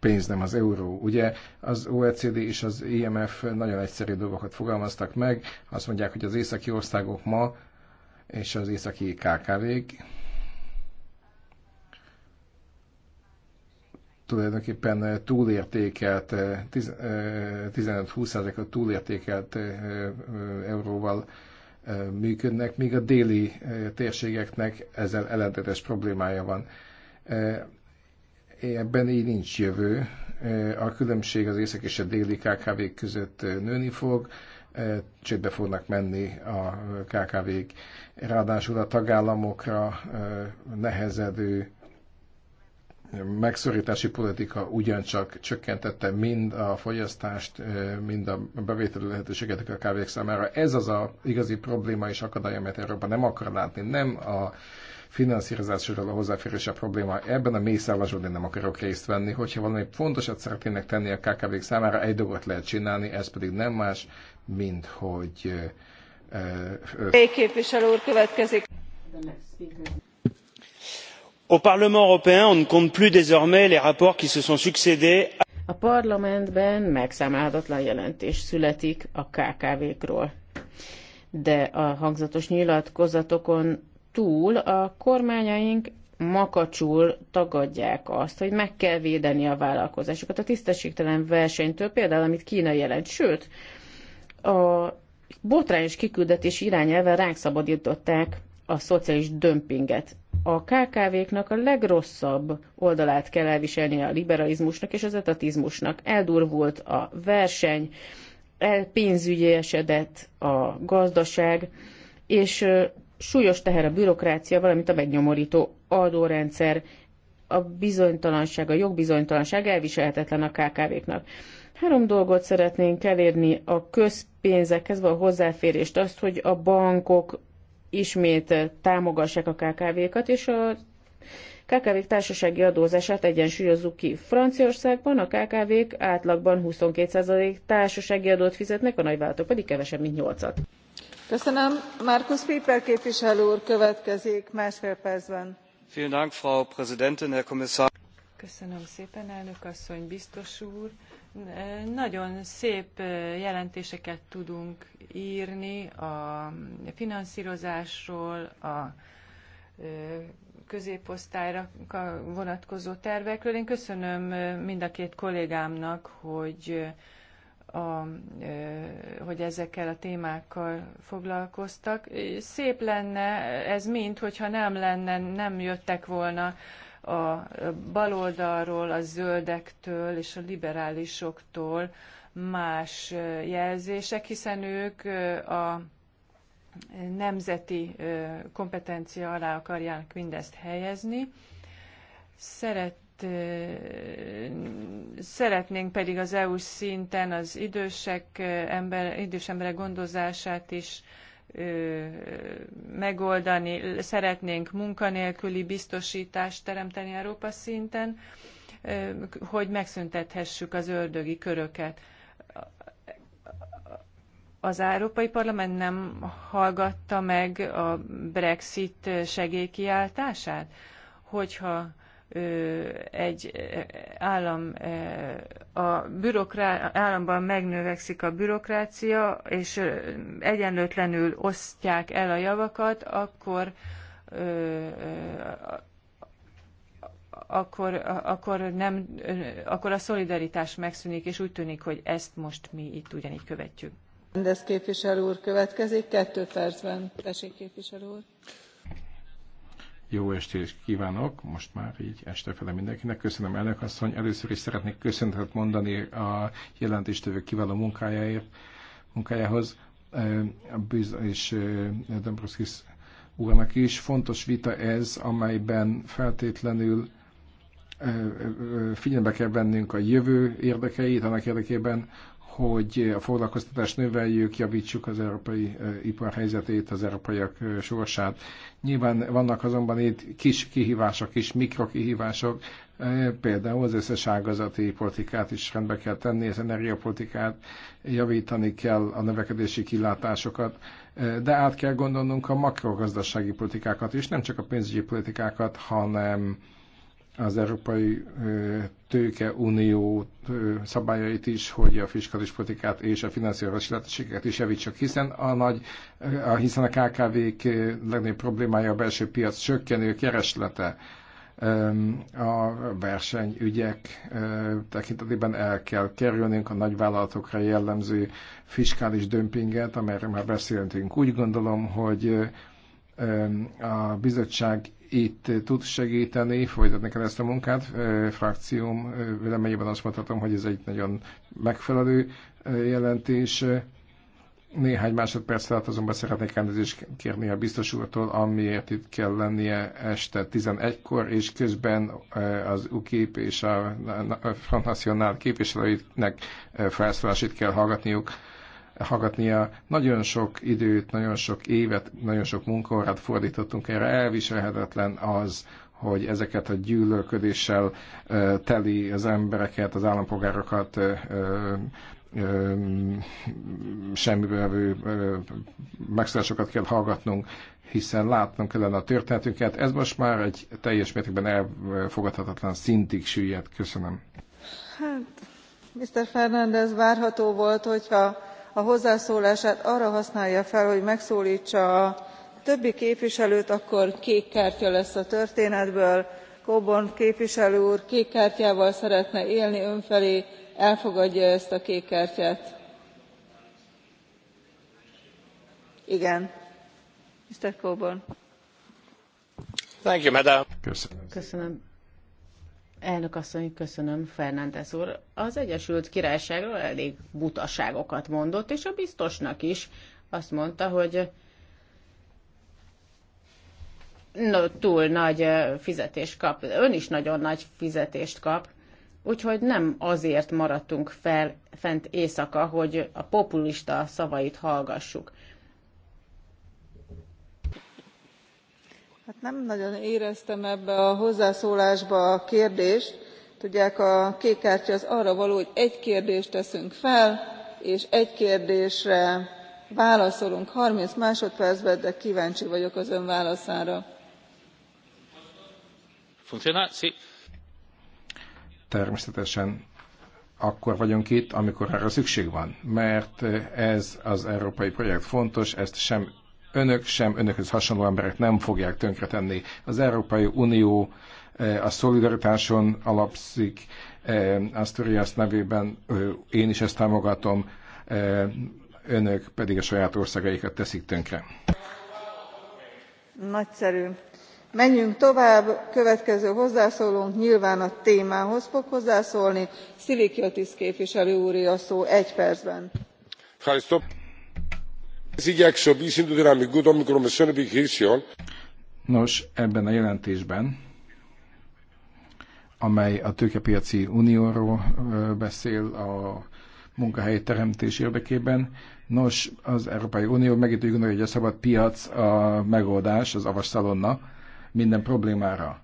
pénz, nem az euró. Ugye az OECD és az IMF nagyon egyszerű dolgokat fogalmaztak meg, azt mondják, hogy az északi országok ma és az északi KKV-k tulajdonképpen túlértékelt, 15-20%-ot túlértékelt euróval működnek, míg a déli térségeknek ezzel ellentétes problémája van. Ebben így nincs jövő. A különbség az észak és a déli kkv között nőni fog, csődbe fognak menni a KKV-k. Ráadásul a tagállamokra nehezedő megszorítási politika ugyancsak csökkentette mind a fogyasztást, mind a bevételi lehetőséget a kávék számára. Ez az a igazi probléma és akadály, amit Európa nem akar látni. Nem a finanszírozásról a hozzáférés a probléma. Ebben a mélyszállásban én nem akarok részt venni. Hogyha valami fontosat szeretnének tenni a kkv számára, egy dolgot lehet csinálni, ez pedig nem más, mint hogy... Uh, uh, képviselő úr következik au parlement européen on ne compte plus désormais les rapports qui se sont succédé. a parlamentben megszámlálhatatlan jelentés születik a kkv król de a hangzatos nyilatkozatokon túl a kormányaink makacsul tagadják azt, hogy meg kell védeni a vállalkozásokat a tisztességtelen versenytől, például amit Kína jelent. Sőt, a botrányos kiküldetés irányelve ránk szabadították a szociális dömpinget. A KKV-knak a legrosszabb oldalát kell elviselni a liberalizmusnak és az etatizmusnak. Eldurvult a verseny, pénzügyi esedett a gazdaság, és súlyos teher a bürokrácia, valamint a megnyomorító adórendszer, a bizonytalanság, a jogbizonytalanság elviselhetetlen a KKV-knak. Három dolgot szeretnénk elérni a közpénzekhez való hozzáférést, azt, hogy a bankok ismét eh, támogassák a KKV-kat, és a kkv társasági adózását egyensúlyozzuk ki. Franciaországban a KKV-k átlagban 22% társasági adót fizetnek, a nagyvállalatok pedig kevesebb, mint 8-at. Köszönöm. Markus Piper képviselő úr következik másfél percben. Vielen Dank, Frau Präsidentin, Herr Kommissar. Köszönöm szépen, elnök asszony, biztos úr nagyon szép jelentéseket tudunk írni a finanszírozásról, a középosztályra vonatkozó tervekről. Én köszönöm mind a két kollégámnak, hogy, a, hogy ezekkel a témákkal foglalkoztak. Szép lenne ez mind, hogyha nem lenne, nem jöttek volna a baloldalról, a zöldektől és a liberálisoktól más jelzések, hiszen ők a nemzeti kompetencia alá akarják mindezt helyezni. Szeret szeretnénk pedig az EU szinten az idősek ember, idős emberek gondozását is megoldani, szeretnénk munkanélküli biztosítást teremteni Európa szinten, hogy megszüntethessük az ördögi köröket. Az Európai Parlament nem hallgatta meg a Brexit segélykiáltását, hogyha egy állam, a bürokrá, államban megnövekszik a bürokrácia, és egyenlőtlenül osztják el a javakat, akkor akkor, akkor, nem, akkor a szolidaritás megszűnik, és úgy tűnik, hogy ezt most mi itt ugyanígy követjük. Mendes képviselő úr következik, kettő percben. Tessék képviselő úr. Jó estét kívánok, most már így este fele mindenkinek. Köszönöm elnök asszony. Először is szeretnék köszönetet mondani a jelentéstevő kiváló munkájáért, munkájához, és Dombrovskis úrnak is. Fontos vita ez, amelyben feltétlenül figyelembe kell vennünk a jövő érdekeit annak érdekében, hogy a foglalkoztatást növeljük, javítsuk az európai eh, ipar helyzetét, az európaiak eh, sorsát. Nyilván vannak azonban itt kis kihívások, kis mikrokihívások, eh, például az összes ágazati politikát is rendbe kell tenni, az energiapolitikát, javítani kell a növekedési kilátásokat, de át kell gondolnunk a makrogazdasági politikákat is, nem csak a pénzügyi politikákat, hanem az Európai Tőke Unió szabályait is, hogy a fiskális politikát és a finanszírozási lehetőségeket is javítsak, hiszen a nagy, hiszen a KKV-k legnagyobb problémája a belső piac csökkenő kereslete a versenyügyek tekintetében el kell kerülnünk a nagyvállalatokra jellemző fiskális dömpinget, amelyre már beszéltünk. Úgy gondolom, hogy a bizottság itt tud segíteni, folytatni kell ezt a munkát. Frakcióm véleményében azt mondhatom, hogy ez egy nagyon megfelelő jelentés. Néhány másodperc alatt azonban szeretnék rendezést kérni a biztos úrtól, amiért itt kell lennie este 11-kor, és közben az UKIP és a Front National képviselőinek felszólásit kell hallgatniuk hallgatnia. Nagyon sok időt, nagyon sok évet, nagyon sok munkaórát fordítottunk erre. Elviselhetetlen az, hogy ezeket a gyűlölködéssel teli az embereket, az állampolgárokat semmibevő megszállásokat kell hallgatnunk, hiszen látnunk kellene a történetünket. Ez most már egy teljes mértékben elfogadhatatlan szintig süllyed. Köszönöm. Hát, Mr. Fernández, várható volt, hogyha a hozzászólását arra használja fel hogy megszóltsa a többi képviselőt akkor kék kártya lesz a történetből coburn képviselő úr kék kártyával szeretne élni ön felé elfogadja ezt a kék kártyát? igen. mr coburn. Köszönöm. Elnök asszony, köszönöm, Fernández úr. Az Egyesült Királyságról elég butaságokat mondott, és a biztosnak is azt mondta, hogy no, túl nagy fizetést kap. Ön is nagyon nagy fizetést kap. Úgyhogy nem azért maradtunk fel fent éjszaka, hogy a populista szavait hallgassuk. Hát nem nagyon éreztem ebbe a hozzászólásba a kérdést. tudják a kék kártya az arra való hogy egy kérdést teszünk fel és egy kérdésre válaszolunk thirty másodpercben de kváncsi vagyok az ön válaszára. természetesen akkor vagyunk itt, amikor erre szükség van, mert ez az európai projekt fontos, ezt sem önök sem önökhöz hasonló emberek nem fogják tönkretenni. Az Európai Unió e, a szolidaritáson alapszik, e, Asturias nevében én is ezt támogatom, e, önök pedig a saját országaikat teszik tönkre. Nagyszerű. Menjünk tovább, következő hozzászólónk nyilván a témához fog hozzászólni. Szilikiotis képviselő úr a szó egy percben. Nos, ebben a jelentésben, amely a tőkepiaci unióról beszél a munkahelyi teremtés érdekében, nos, az Európai Unió megint úgy gondolja, hogy a szabad piac a megoldás, az avas szalonna minden problémára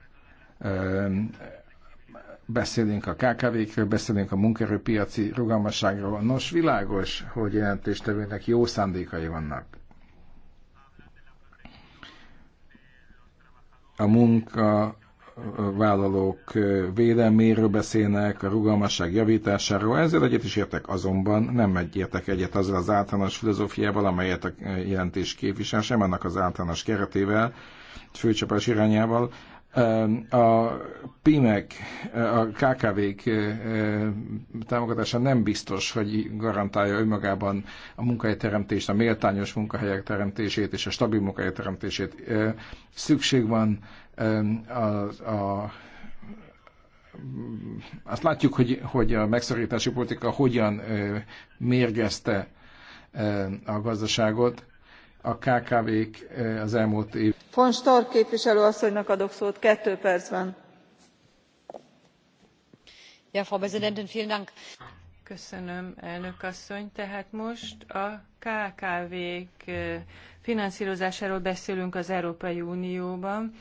beszélünk a KKV-kről, beszélünk a munkerőpiaci rugalmasságról. Nos, világos, hogy jelentéstevőnek jó szándékai vannak. A munka vállalók védelméről beszélnek, a rugalmasság javításáról, ezzel egyet is értek azonban, nem egy egyet azzal az általános filozófiával, amelyet a jelentés képvisel, sem annak az általános keretével, főcsapás irányával, a PIMEK, a KKV-k támogatása nem biztos, hogy garantálja önmagában a munkahelyteremtést, a méltányos munkahelyek teremtését és a stabil munkahelyek teremtését. Szükség van a, a azt látjuk, hogy, hogy a megszorítási politika hogyan mérgezte a gazdaságot, a KKV-k eh, az elmúlt év. Von Stark képviselő asszonynak adok szót kettő percben. Ja, Frau Präsidentin, vielen Dank. Köszönöm, elnök asszony. Tehát most a KKV-k eh, finanszírozásáról beszélünk az Európai Unióban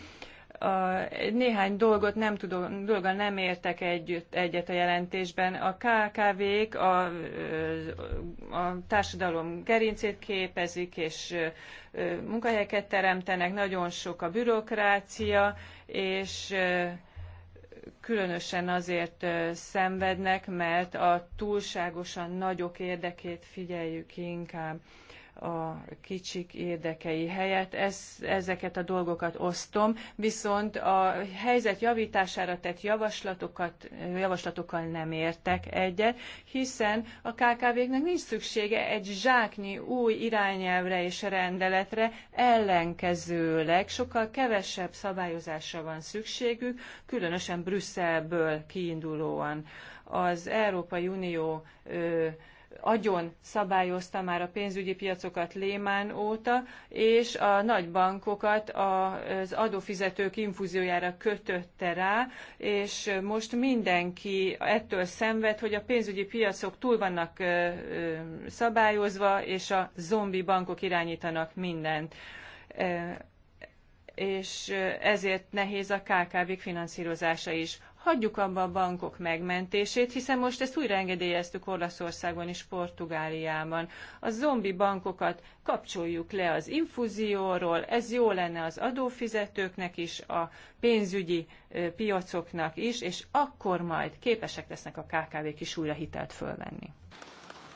a, néhány dolgot nem tudom, dolga nem értek együtt, egyet a jelentésben. A KKV-k a, a társadalom gerincét képezik, és munkahelyeket teremtenek, nagyon sok a bürokrácia, és különösen azért szenvednek, mert a túlságosan nagyok érdekét figyeljük inkább a kicsik érdekei helyett. Ez, ezeket a dolgokat osztom, viszont a helyzet javítására tett javaslatokat, javaslatokkal nem értek egyet, hiszen a KKV-knek nincs szüksége egy zsáknyi új irányelvre és rendeletre, ellenkezőleg sokkal kevesebb szabályozásra van szükségük, különösen Brüsszelből kiindulóan. Az Európai Unió ö, agyon szabályozta már a pénzügyi piacokat Lehman óta, és a nagy bankokat az adófizetők infúziójára kötötte rá, és most mindenki ettől szenved, hogy a pénzügyi piacok túl vannak szabályozva, és a zombi bankok irányítanak mindent és ezért nehéz a KKV-k finanszírozása is hagyjuk abba a bankok megmentését, hiszen most ezt újra engedélyeztük Olaszországban és Portugáliában. A zombi bankokat kapcsoljuk le az infúzióról, ez jó lenne az adófizetőknek is, a pénzügyi piacoknak is, és akkor majd képesek lesznek a KKV-k is újra hitelt fölvenni.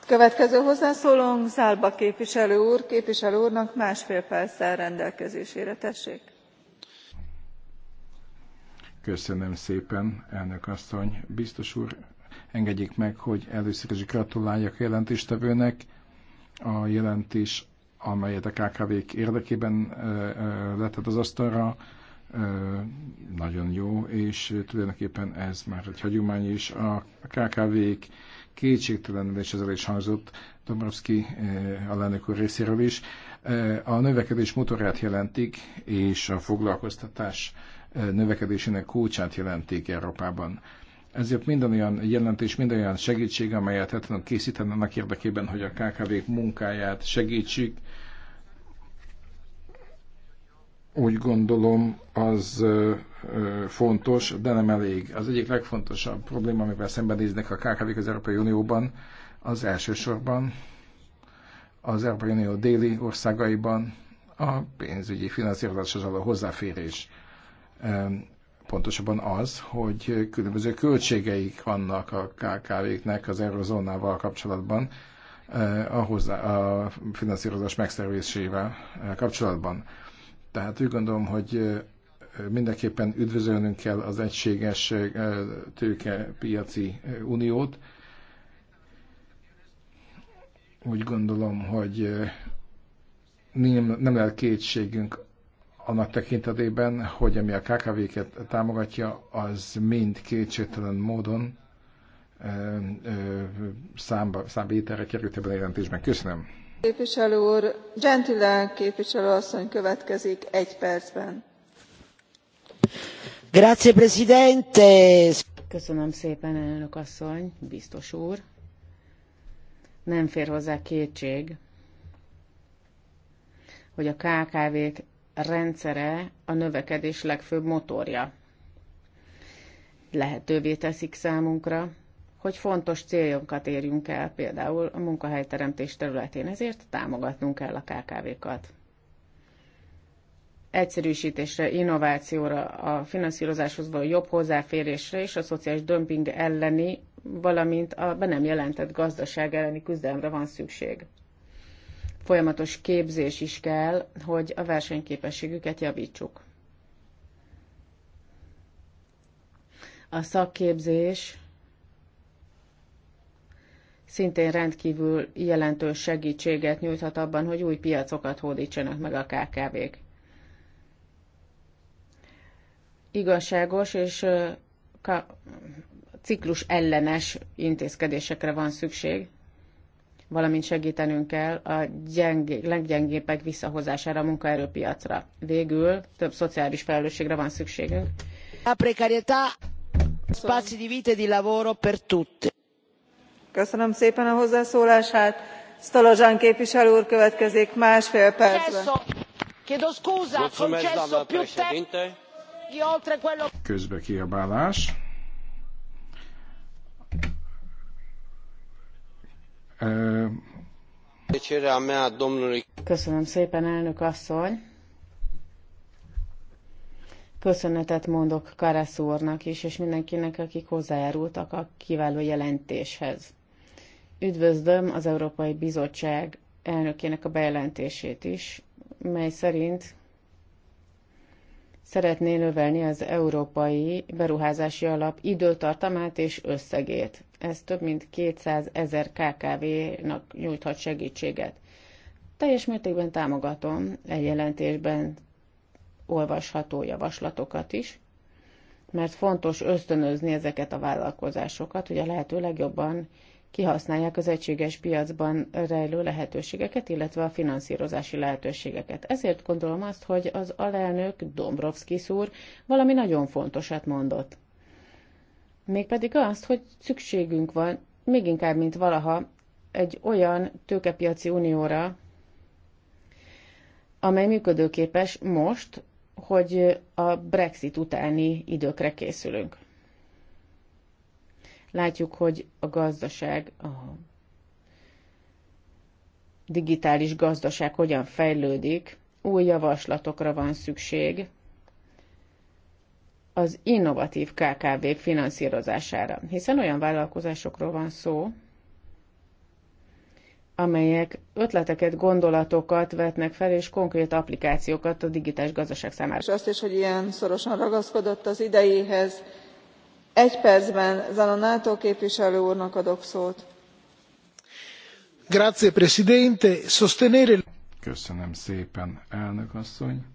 Következő hozzászólónk Zálba képviselő úr, képviselő úrnak másfél perccel rendelkezésére tessék. Köszönöm szépen, elnök asszony. Biztos úr, engedjék meg, hogy először is gratuláljak a jelentéstevőnek. A jelentés, amelyet a kkv érdekében letett az asztalra, nagyon jó, és tulajdonképpen ez már egy hagyomány is. A KKV-k kétségtelenül, és ezzel is hangzott a lennök úr részéről is, a növekedés motorját jelentik, és a foglalkoztatás növekedésének kulcsát jelentik Európában. Ezért minden olyan jelentés, minden olyan segítség, amelyet el tudunk készíteni annak érdekében, hogy a KKV-k munkáját segítsük, úgy gondolom, az fontos, de nem elég. Az egyik legfontosabb probléma, amivel szembenéznek a KKV-k az Európai Unióban, az elsősorban az Európai Unió déli országaiban a pénzügyi finanszírozáshoz való hozzáférés pontosabban az, hogy különböző költségeik vannak a KKV-knek az eurozónával kapcsolatban, eh, a, hozzá, a finanszírozás megszervésével eh, kapcsolatban. Tehát úgy gondolom, hogy eh, mindenképpen üdvözölnünk kell az egységes tőkepiaci uniót. Úgy gondolom, hogy nem, nem lehet kétségünk annak tekintetében, hogy ami a KKV-ket támogatja, az mind kétségtelen módon ö, ö, számba, számvételre került ebben a jelentésben. Köszönöm. Képviselő úr, Gentile képviselő asszony következik egy percben. Grazie, Presidente. Köszönöm szépen, elnök asszony, biztos úr. Nem fér hozzá kétség, hogy a KKV-k rendszere a növekedés legfőbb motorja. Lehetővé teszik számunkra, hogy fontos céljunkat érjünk el, például a munkahelyteremtés területén, ezért támogatnunk kell a KKV-kat. Egyszerűsítésre, innovációra, a finanszírozáshoz való jobb hozzáférésre és a szociális dömping elleni, valamint a be nem jelentett gazdaság elleni küzdelemre van szükség folyamatos képzés is kell, hogy a versenyképességüket javítsuk. A szakképzés szintén rendkívül jelentős segítséget nyújthat abban, hogy új piacokat hódítsanak meg a KKV-k. Igazságos és ciklus ellenes intézkedésekre van szükség, valamint segítenünk kell a gyengé, leggyengébbek visszahozására a munkaerőpiacra. Végül több szociális felelősségre van szükségünk. A precarietà spazi di vita e di lavoro per tutti. Köszönöm szépen a hozzászólását. Stolozsán képviselő úr következik másfél percben. Közbe kiabálás. Köszönöm szépen, elnök asszony. Köszönetet mondok Karesz úrnak is, és mindenkinek, akik hozzájárultak a kiváló jelentéshez. Üdvözlöm az Európai Bizottság elnökének a bejelentését is, mely szerint szeretné növelni az Európai Beruházási Alap időtartamát és összegét. Ez több mint 200 ezer KKV-nak nyújthat segítséget. Teljes mértékben támogatom egy jelentésben olvasható javaslatokat is, mert fontos ösztönözni ezeket a vállalkozásokat, hogy a lehető legjobban kihasználják az egységes piacban rejlő lehetőségeket, illetve a finanszírozási lehetőségeket. Ezért gondolom azt, hogy az alelnök Dombrovski szúr valami nagyon fontosat mondott. Mégpedig azt, hogy szükségünk van, még inkább, mint valaha, egy olyan tőkepiaci unióra, amely működőképes most, hogy a Brexit utáni időkre készülünk. Látjuk, hogy a gazdaság, a digitális gazdaság hogyan fejlődik, új javaslatokra van szükség az innovatív kkv finanszírozására, hiszen olyan vállalkozásokról van szó, amelyek ötleteket, gondolatokat vetnek fel, és konkrét applikációkat a digitális gazdaság számára. És azt is, hogy ilyen szorosan ragaszkodott az idejéhez, egy képviselő Grazie, Presidente. Sostenere... Köszönöm szépen, elnök asszony.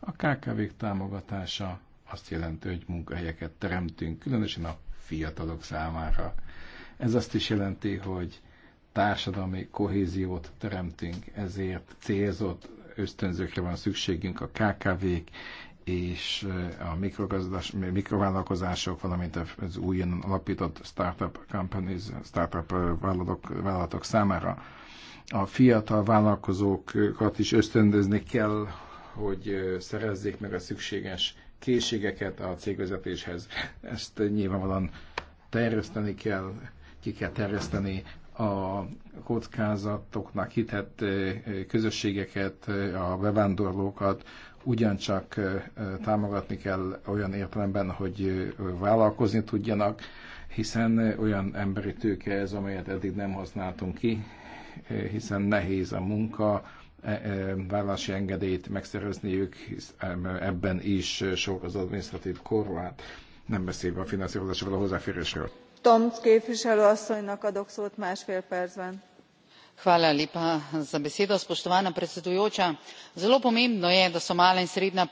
A KKV-k támogatása azt jelenti, hogy munkahelyeket teremtünk, különösen a fiatalok számára. Ez azt is jelenti, hogy társadalmi kohéziót teremtünk, ezért célzott ösztönzőkre van szükségünk a KKV-k és eh, a mikrovállalkozások, valamint az újonnan alapított startup companies, startup eh, vállalatok, vállalatok számára. A fiatal vállalkozókat is ösztöndözni kell, hogy eh, szerezzék meg a szükséges készségeket a cégvezetéshez. Ezt nyilvánvalóan terjeszteni kell, ki kell terjeszteni a kockázatoknak hitett közösségeket, a bevándorlókat, ugyancsak támogatni kell olyan értelemben, hogy vállalkozni tudjanak, hiszen olyan emberi tőke ez, amelyet eddig nem használtunk ki, hiszen nehéz a munka, e, e, vállási engedélyt megszerezniük, ebben is sok az adminisztratív korlát, nem beszélve a finanszírozásról, a hozzáférésről. Tomsz képviselő asszonynak adok szót másfél percben spoštovana predsedujoča zelo pomembno je da so mala in srednja.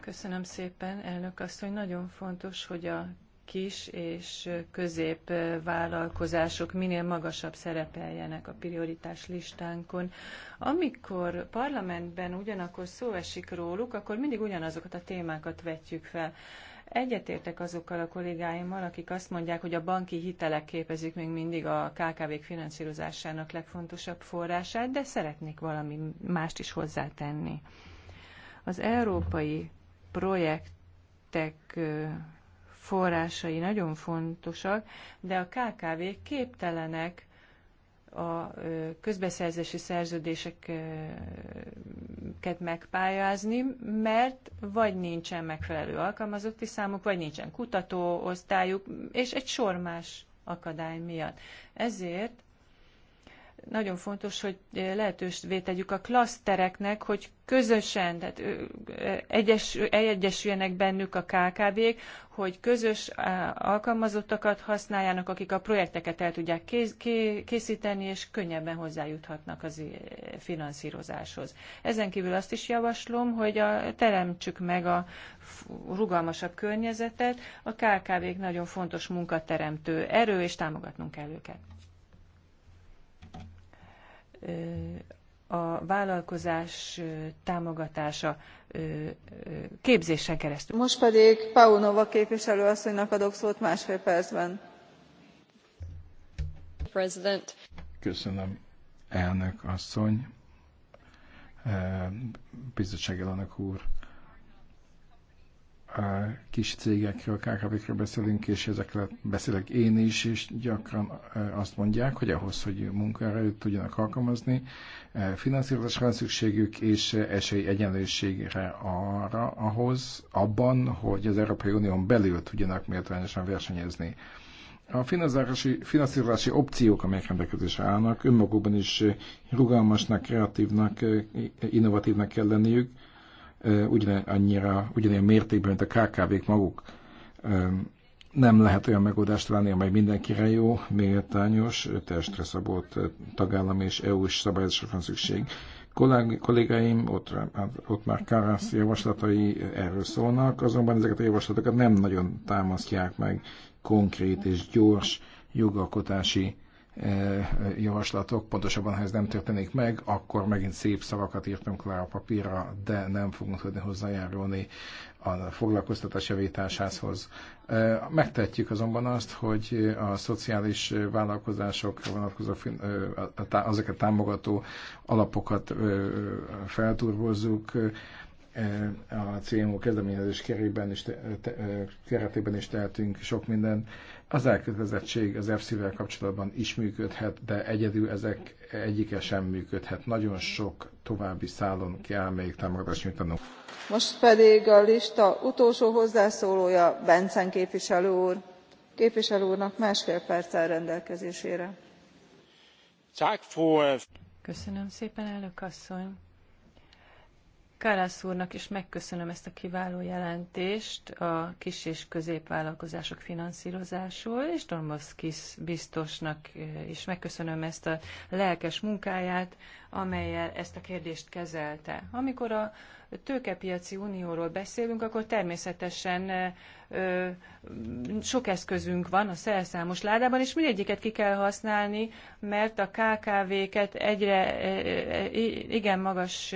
köszönöm szépen elnök asszony nagyon fontos hogy a kis és középvállalkozások minél magasabb szerepeljenek a prioritás listánkon. Amikor parlamentben ugyanakkor szó esik róluk, akkor mindig ugyanazokat a témákat vetjük fel. Egyetértek azokkal a kollégáimmal, akik azt mondják, hogy a banki hitelek képezik még mindig a KKV-k finanszírozásának legfontosabb forrását, de szeretnék valami mást is hozzátenni. Az európai projektek forrásai nagyon fontosak, de a KKV-k képtelenek a közbeszerzési szerződéseket megpályázni, mert vagy nincsen megfelelő alkalmazotti számuk, vagy nincsen kutatóosztályuk, és egy sor más akadály miatt. Ezért nagyon fontos, hogy eh, lehetősvé tegyük a klasztereknek, hogy közösen, tehát egyes, egyesüljenek bennük a KKV-k, hogy közös alkalmazottakat használjanak, akik a projekteket el tudják készíteni, és könnyebben hozzájuthatnak az eh, finanszírozáshoz. Ezen kívül azt is javaslom, hogy a, teremtsük meg a rugalmasabb környezetet, a KKV-k nagyon fontos munkateremtő erő, és támogatnunk kell őket a vállalkozás támogatása képzésen keresztül. Most pedig Paunova képviselő asszonynak adok szót másfél percben. Köszönöm, elnök asszony, elnök úr kis cégekről, KKV-kről beszélünk, és ezekről beszélek én is, és gyakran azt mondják, hogy ahhoz, hogy munkaerőt tudjanak alkalmazni, finanszírozásra van szükségük, és esély egyenlőségre arra, ahhoz, abban, hogy az Európai Unión belül tudjanak méltányosan versenyezni. A finanszírozási, finanszírozási opciók, amelyek rendelkezésre állnak, önmagukban is rugalmasnak, kreatívnak, innovatívnak kell lenniük, annyira, ugyanilyen mértékben, mint a KKV-k maguk. Nem lehet olyan megoldást találni, amely mindenkire jó, méltányos, testre szabott tagállam és EU-s szabályozásra van szükség. Kollégáim, ott, hát, ott már Kárász javaslatai erről szólnak, azonban ezeket a javaslatokat nem nagyon támasztják meg konkrét és gyors jogalkotási javaslatok, pontosabban, ha ez nem történik meg, akkor megint szép szavakat írtunk le a papírra, de nem fogunk tudni hozzájárulni a foglalkoztatás javításához. Megtehetjük azonban azt, hogy a szociális vállalkozásokra vonatkozó azokat támogató alapokat felturbozzuk, a CMO kezdeményezés kerében is, te, te, keretében is tehetünk sok minden az elkötelezettség az fc vel kapcsolatban is működhet, de egyedül ezek egyike sem működhet. Nagyon sok további szálon kell még támogatást nyújtanunk. Most pedig a lista utolsó hozzászólója Bencen képviselő úr. Képviselő úrnak másfél perc áll rendelkezésére. Eh, Köszönöm szépen, elnök asszony. Kárász úrnak is megköszönöm ezt a kiváló jelentést a kis és középvállalkozások finanszírozásról, és Dombrovskis biztosnak is megköszönöm ezt a lelkes munkáját, amelyel ezt a kérdést kezelte. Amikor a tőkepiaci unióról beszélünk, akkor természetesen sok eszközünk van a szerszámos ládában, és mindegyiket ki kell használni, mert a KKV-ket egyre igen magas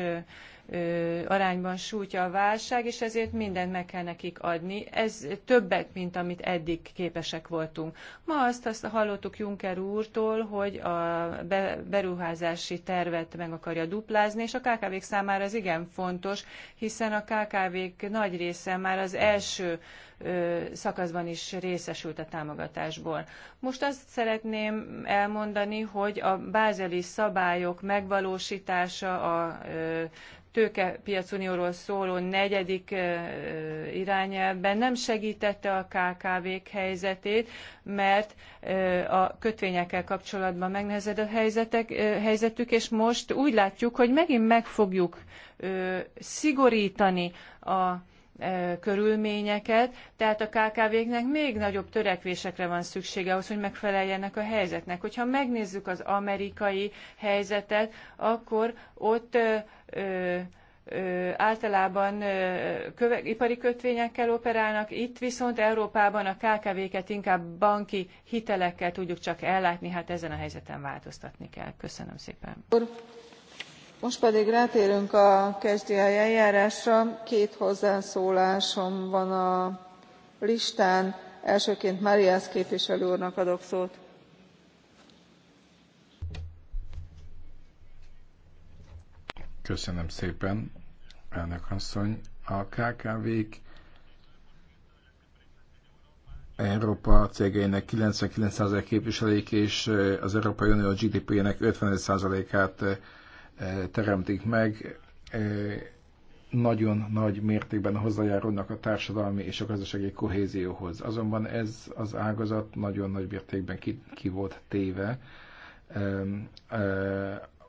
arányban sújtja a válság, és ezért mindent meg kell nekik adni. Ez többet, mint amit eddig képesek voltunk. Ma azt, azt hallottuk Juncker úrtól, hogy a beruházási tervet meg akarja duplázni, és a KKV-k számára ez igen fontos, hiszen a KKV-k nagy része már az első szakaszban is részesült a támogatásból. Most azt szeretném elmondani, hogy a bázeli szabályok megvalósítása a tőkepiacunióról szóló negyedik irányelben nem segítette a KKV-k helyzetét, mert a kötvényekkel kapcsolatban a helyzetek, helyzetük, és most úgy látjuk, hogy megint meg fogjuk szigorítani a körülményeket, tehát a KKV-knek még nagyobb törekvésekre van szüksége ahhoz, hogy megfeleljenek a helyzetnek. Hogyha megnézzük az amerikai helyzetet, akkor ott ö, ö, ö, általában köve, ipari kötvényekkel operálnak, itt viszont Európában a KKV-ket inkább banki hitelekkel tudjuk csak ellátni, hát ezen a helyzeten változtatni kell. Köszönöm szépen most pedig rátérünk a catch the eye eljárásra két hozzászólásom van a listán elsőként marias képviselő úrnak adok szót. Köszönöm szépen, elnök asszony. A KKV-k Európa cégeinek 99% képviselik, és az Európai Unió GDP-nek 55%-át teremtik meg, nagyon nagy mértékben hozzájárulnak a társadalmi és a gazdasági kohézióhoz. Azonban ez az ágazat nagyon nagy mértékben ki, ki volt téve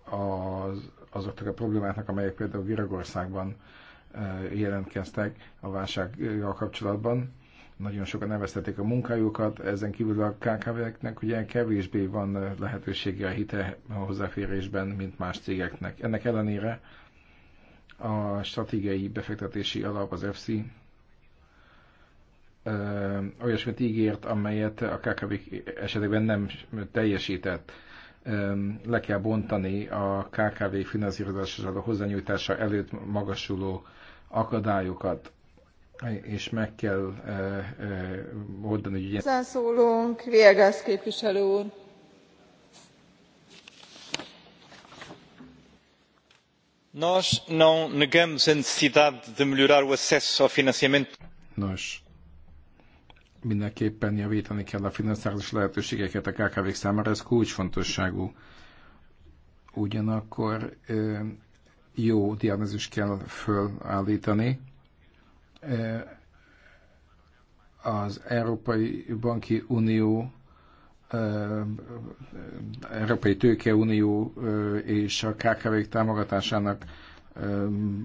az, azoknak a problémáknak, amelyek például Viragországban jelentkeztek a válsággal kapcsolatban nagyon sokan elvesztették a munkájukat, ezen kívül a KKV-eknek ugye kevésbé van lehetősége a hite hozzáférésben, mint más cégeknek. Ennek ellenére a stratégiai befektetési alap, az FC, olyasmit ígért, amelyet a KKV esetében nem teljesített. Le kell bontani a KKV finanszírozásra a hozzányújtása előtt magasuló akadályokat és meg kell mondani, hogy ilyen... szólunk, Viegas képviselő úr. Nós não negamos a necessidade de melhorar o acesso ao financiamento. Nos, mindenképpen javítani kell a finanszírozási lehetőségeket a KKV-k számára, ez kulcsfontosságú. Ugyanakkor jó diagnózis kell fölállítani, Eh, az Európai Banki Unió, eh, Európai unió eh, és a kkv támogatásának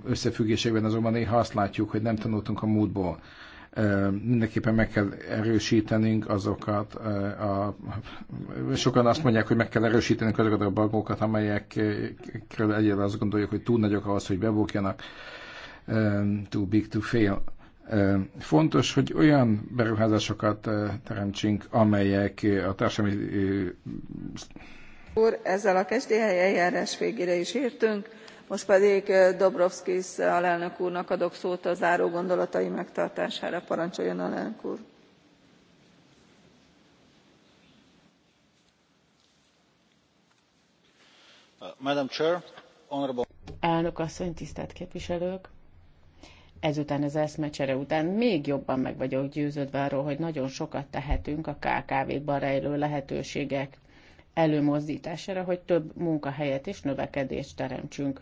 összefüggésében azonban néha azt látjuk, hogy nem tanultunk a múltból. Mindenképpen meg kell erősítenünk azokat, a, sokan azt mondják, hogy meg kell erősítenünk azokat a bankokat, amelyekről egyébként azt gondoljuk, hogy túl nagyok ahhoz, hogy bebukjanak Um, too big to fail. Um, fontos, hogy olyan beruházásokat uh, teremtsünk, amelyek uh, a társadalmi... Uh, úr, ezzel a kezdéhely eljárás végére is értünk, most pedig Dobrovskis alelnök úrnak adok szót a záró gondolatai megtartására. Parancsoljon alelnök úr! Madam Chair, honorable... Elnök asszony, tisztelt képviselők! ezután az eszmecsere után még jobban meg vagyok győződve arról, hogy nagyon sokat tehetünk a KKV-kban rejlő lehetőségek előmozdítására, hogy több munkahelyet és növekedést teremtsünk.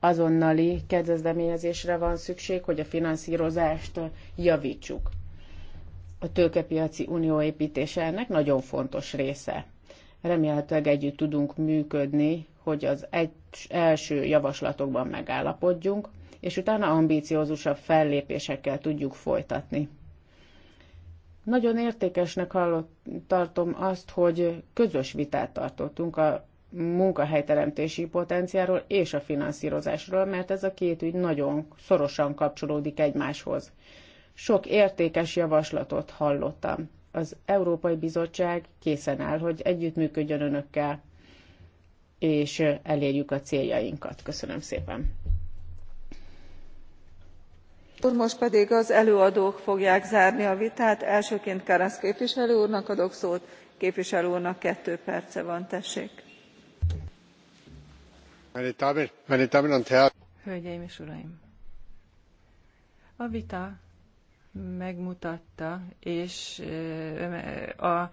Azonnali kezdeményezésre van szükség, hogy a finanszírozást javítsuk. A tőkepiaci unió építése ennek nagyon fontos része. Remélhetőleg együtt tudunk működni, hogy az egy, első javaslatokban megállapodjunk, és utána ambíciózusabb fellépésekkel tudjuk folytatni. Nagyon értékesnek hallott, tartom azt, hogy közös vitát tartottunk a munkahelyteremtési potenciáról és a finanszírozásról, mert ez a két ügy nagyon szorosan kapcsolódik egymáshoz. Sok értékes javaslatot hallottam. Az Európai Bizottság készen áll, hogy együttműködjön önökkel, és elérjük a céljainkat. Köszönöm szépen! most pedig az előadók fogják zárni a vitát elsőként karas képviselő úrnak adok szót képviselő úrnak kettő perce van tessék. hölgyeim és uraim! a vita megmutatta, és a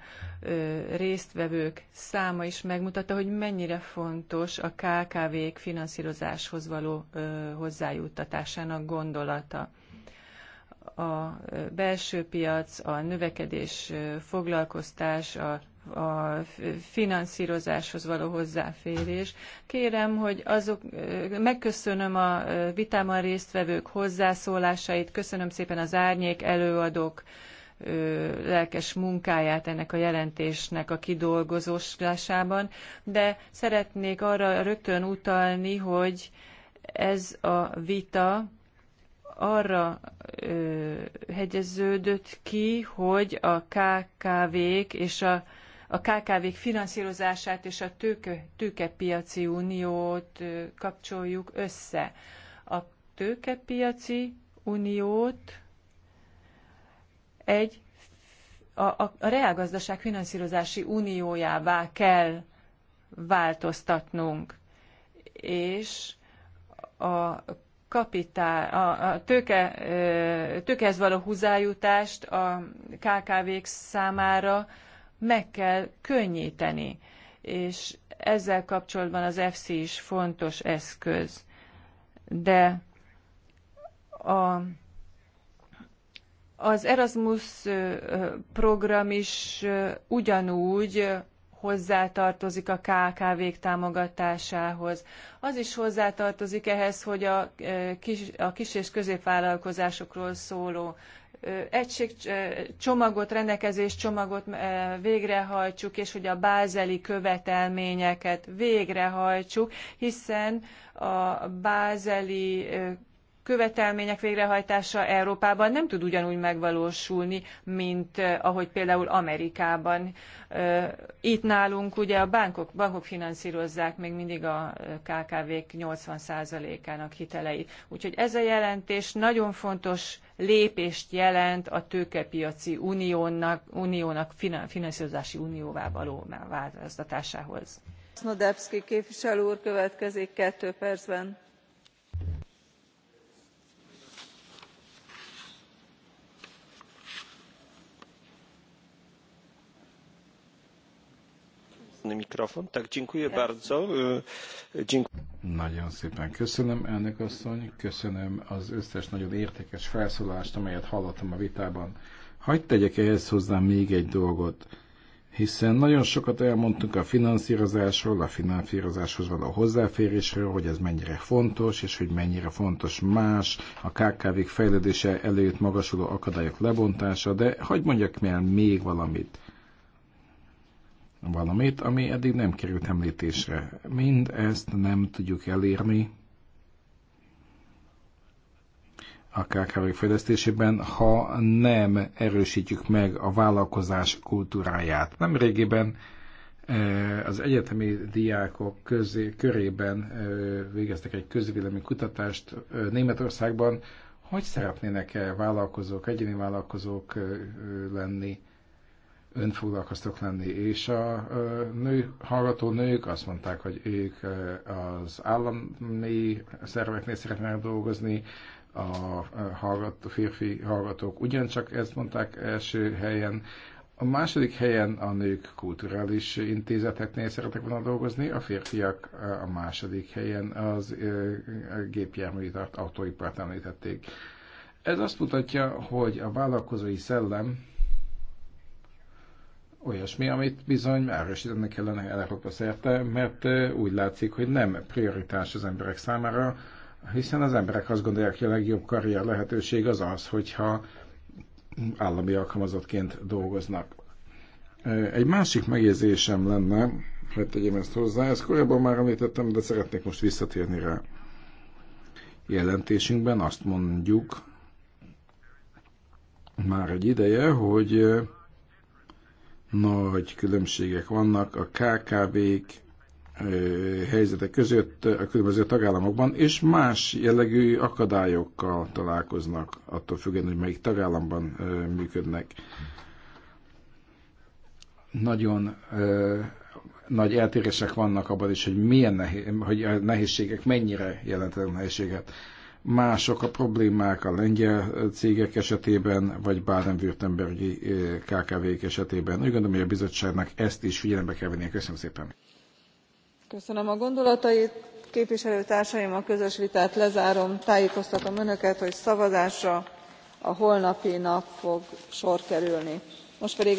résztvevők száma is megmutatta, hogy mennyire fontos a KKV-k finanszírozáshoz való hozzájuttatásának gondolata. A belső piac, a növekedés, foglalkoztás, a a finanszírozáshoz való hozzáférés. Kérem, hogy azok, megköszönöm a vitában résztvevők hozzászólásait, köszönöm szépen az árnyék előadók lelkes munkáját ennek a jelentésnek a kidolgozásában, de szeretnék arra rögtön utalni, hogy ez a vita arra ö, hegyeződött ki, hogy a KKV-k és a a KKV-k finanszírozását és a tőke, tőkepiaci uniót kapcsoljuk össze. A tőkepiaci uniót egy a, a, a reálgazdaság finanszírozási uniójává kell változtatnunk, és a kapitál, a, a tőke, tőkehez való húzájutást a KKV-k számára meg kell könnyíteni, és ezzel kapcsolatban az FC is fontos eszköz. De a, az Erasmus program is ugyanúgy hozzátartozik a KKV-k támogatásához. Az is hozzátartozik ehhez, hogy a kis, a kis és középvállalkozásokról szóló egységcsomagot, rendelkezés csomagot végrehajtsuk, és hogy a bázeli követelményeket végrehajtsuk, hiszen a bázeli követelmények végrehajtása Európában nem tud ugyanúgy megvalósulni, mint eh, ahogy például Amerikában. Eh, itt nálunk ugye a bankok, bankok finanszírozzák még mindig a eh, KKV-k 80%-ának hiteleit. Úgyhogy ez a jelentés nagyon fontos lépést jelent a tőkepiaci uniónak, uniónak finanszírozási unióvá való változtatásához. Snodebski képviselő úr következik kettő percben Nagyon szépen köszönöm, elnök asszony, köszönöm az összes nagyon értékes felszólást, amelyet hallottam a vitában. Hagy tegyek ehhez hozzá még egy dolgot, hiszen nagyon sokat elmondtunk a finanszírozásról, a finanszírozáshoz való hozzáférésről, hogy ez mennyire fontos, és hogy mennyire fontos más, a KKV-k fejlődése előtt magasuló akadályok lebontása, de hagyd mondjak el még valamit valamit, ami eddig nem került említésre. Mind ezt nem tudjuk elérni a KKV fejlesztésében, ha nem erősítjük meg a vállalkozás kultúráját. Nem régiben eh, az egyetemi diákok közé, körében eh, végeztek egy közvélemény kutatást eh, Németországban, hogy szeretnének-e vállalkozók, egyéni vállalkozók lenni, önfoglalkoztok lenni. És a nő, hallgató nők azt mondták, hogy ők az állami szerveknél szeretnének dolgozni, a hallgató, férfi hallgatók ugyancsak ezt mondták első helyen, a második helyen a nők kulturális intézeteknél szeretek volna dolgozni, a férfiak a második helyen az gépjárműtart autóipart említették. Ez azt mutatja, hogy a vállalkozói szellem olyasmi, amit bizony erősíteni kellene Európa szerte, mert úgy látszik, hogy nem prioritás az emberek számára, hiszen az emberek azt gondolják, hogy a legjobb karrier lehetőség az az, hogyha állami alkalmazottként dolgoznak. Egy másik megjegyzésem lenne, hogy tegyem ezt hozzá, ezt korábban már említettem, de szeretnék most visszatérni rá. Jelentésünkben azt mondjuk már egy ideje, hogy nagy különbségek vannak a KKB k helyzete között a különböző tagállamokban, és más jellegű akadályokkal találkoznak, attól függően, hogy melyik tagállamban működnek. Nagyon nagy eltérések vannak abban is, hogy milyen nehé hogy a nehézségek mennyire jelentenek nehézséget mások a problémák a lengyel cégek esetében, vagy Baden-Württembergi eh, KKV-k esetében. Úgy gondolom, hogy a bizottságnak ezt is figyelembe kell vennie. Köszönöm szépen. Köszönöm a gondolatait. Képviselőtársaim, a közös vitát lezárom. Tájékoztatom önöket, hogy szavazásra a holnapi nap fog sor kerülni. Most pedig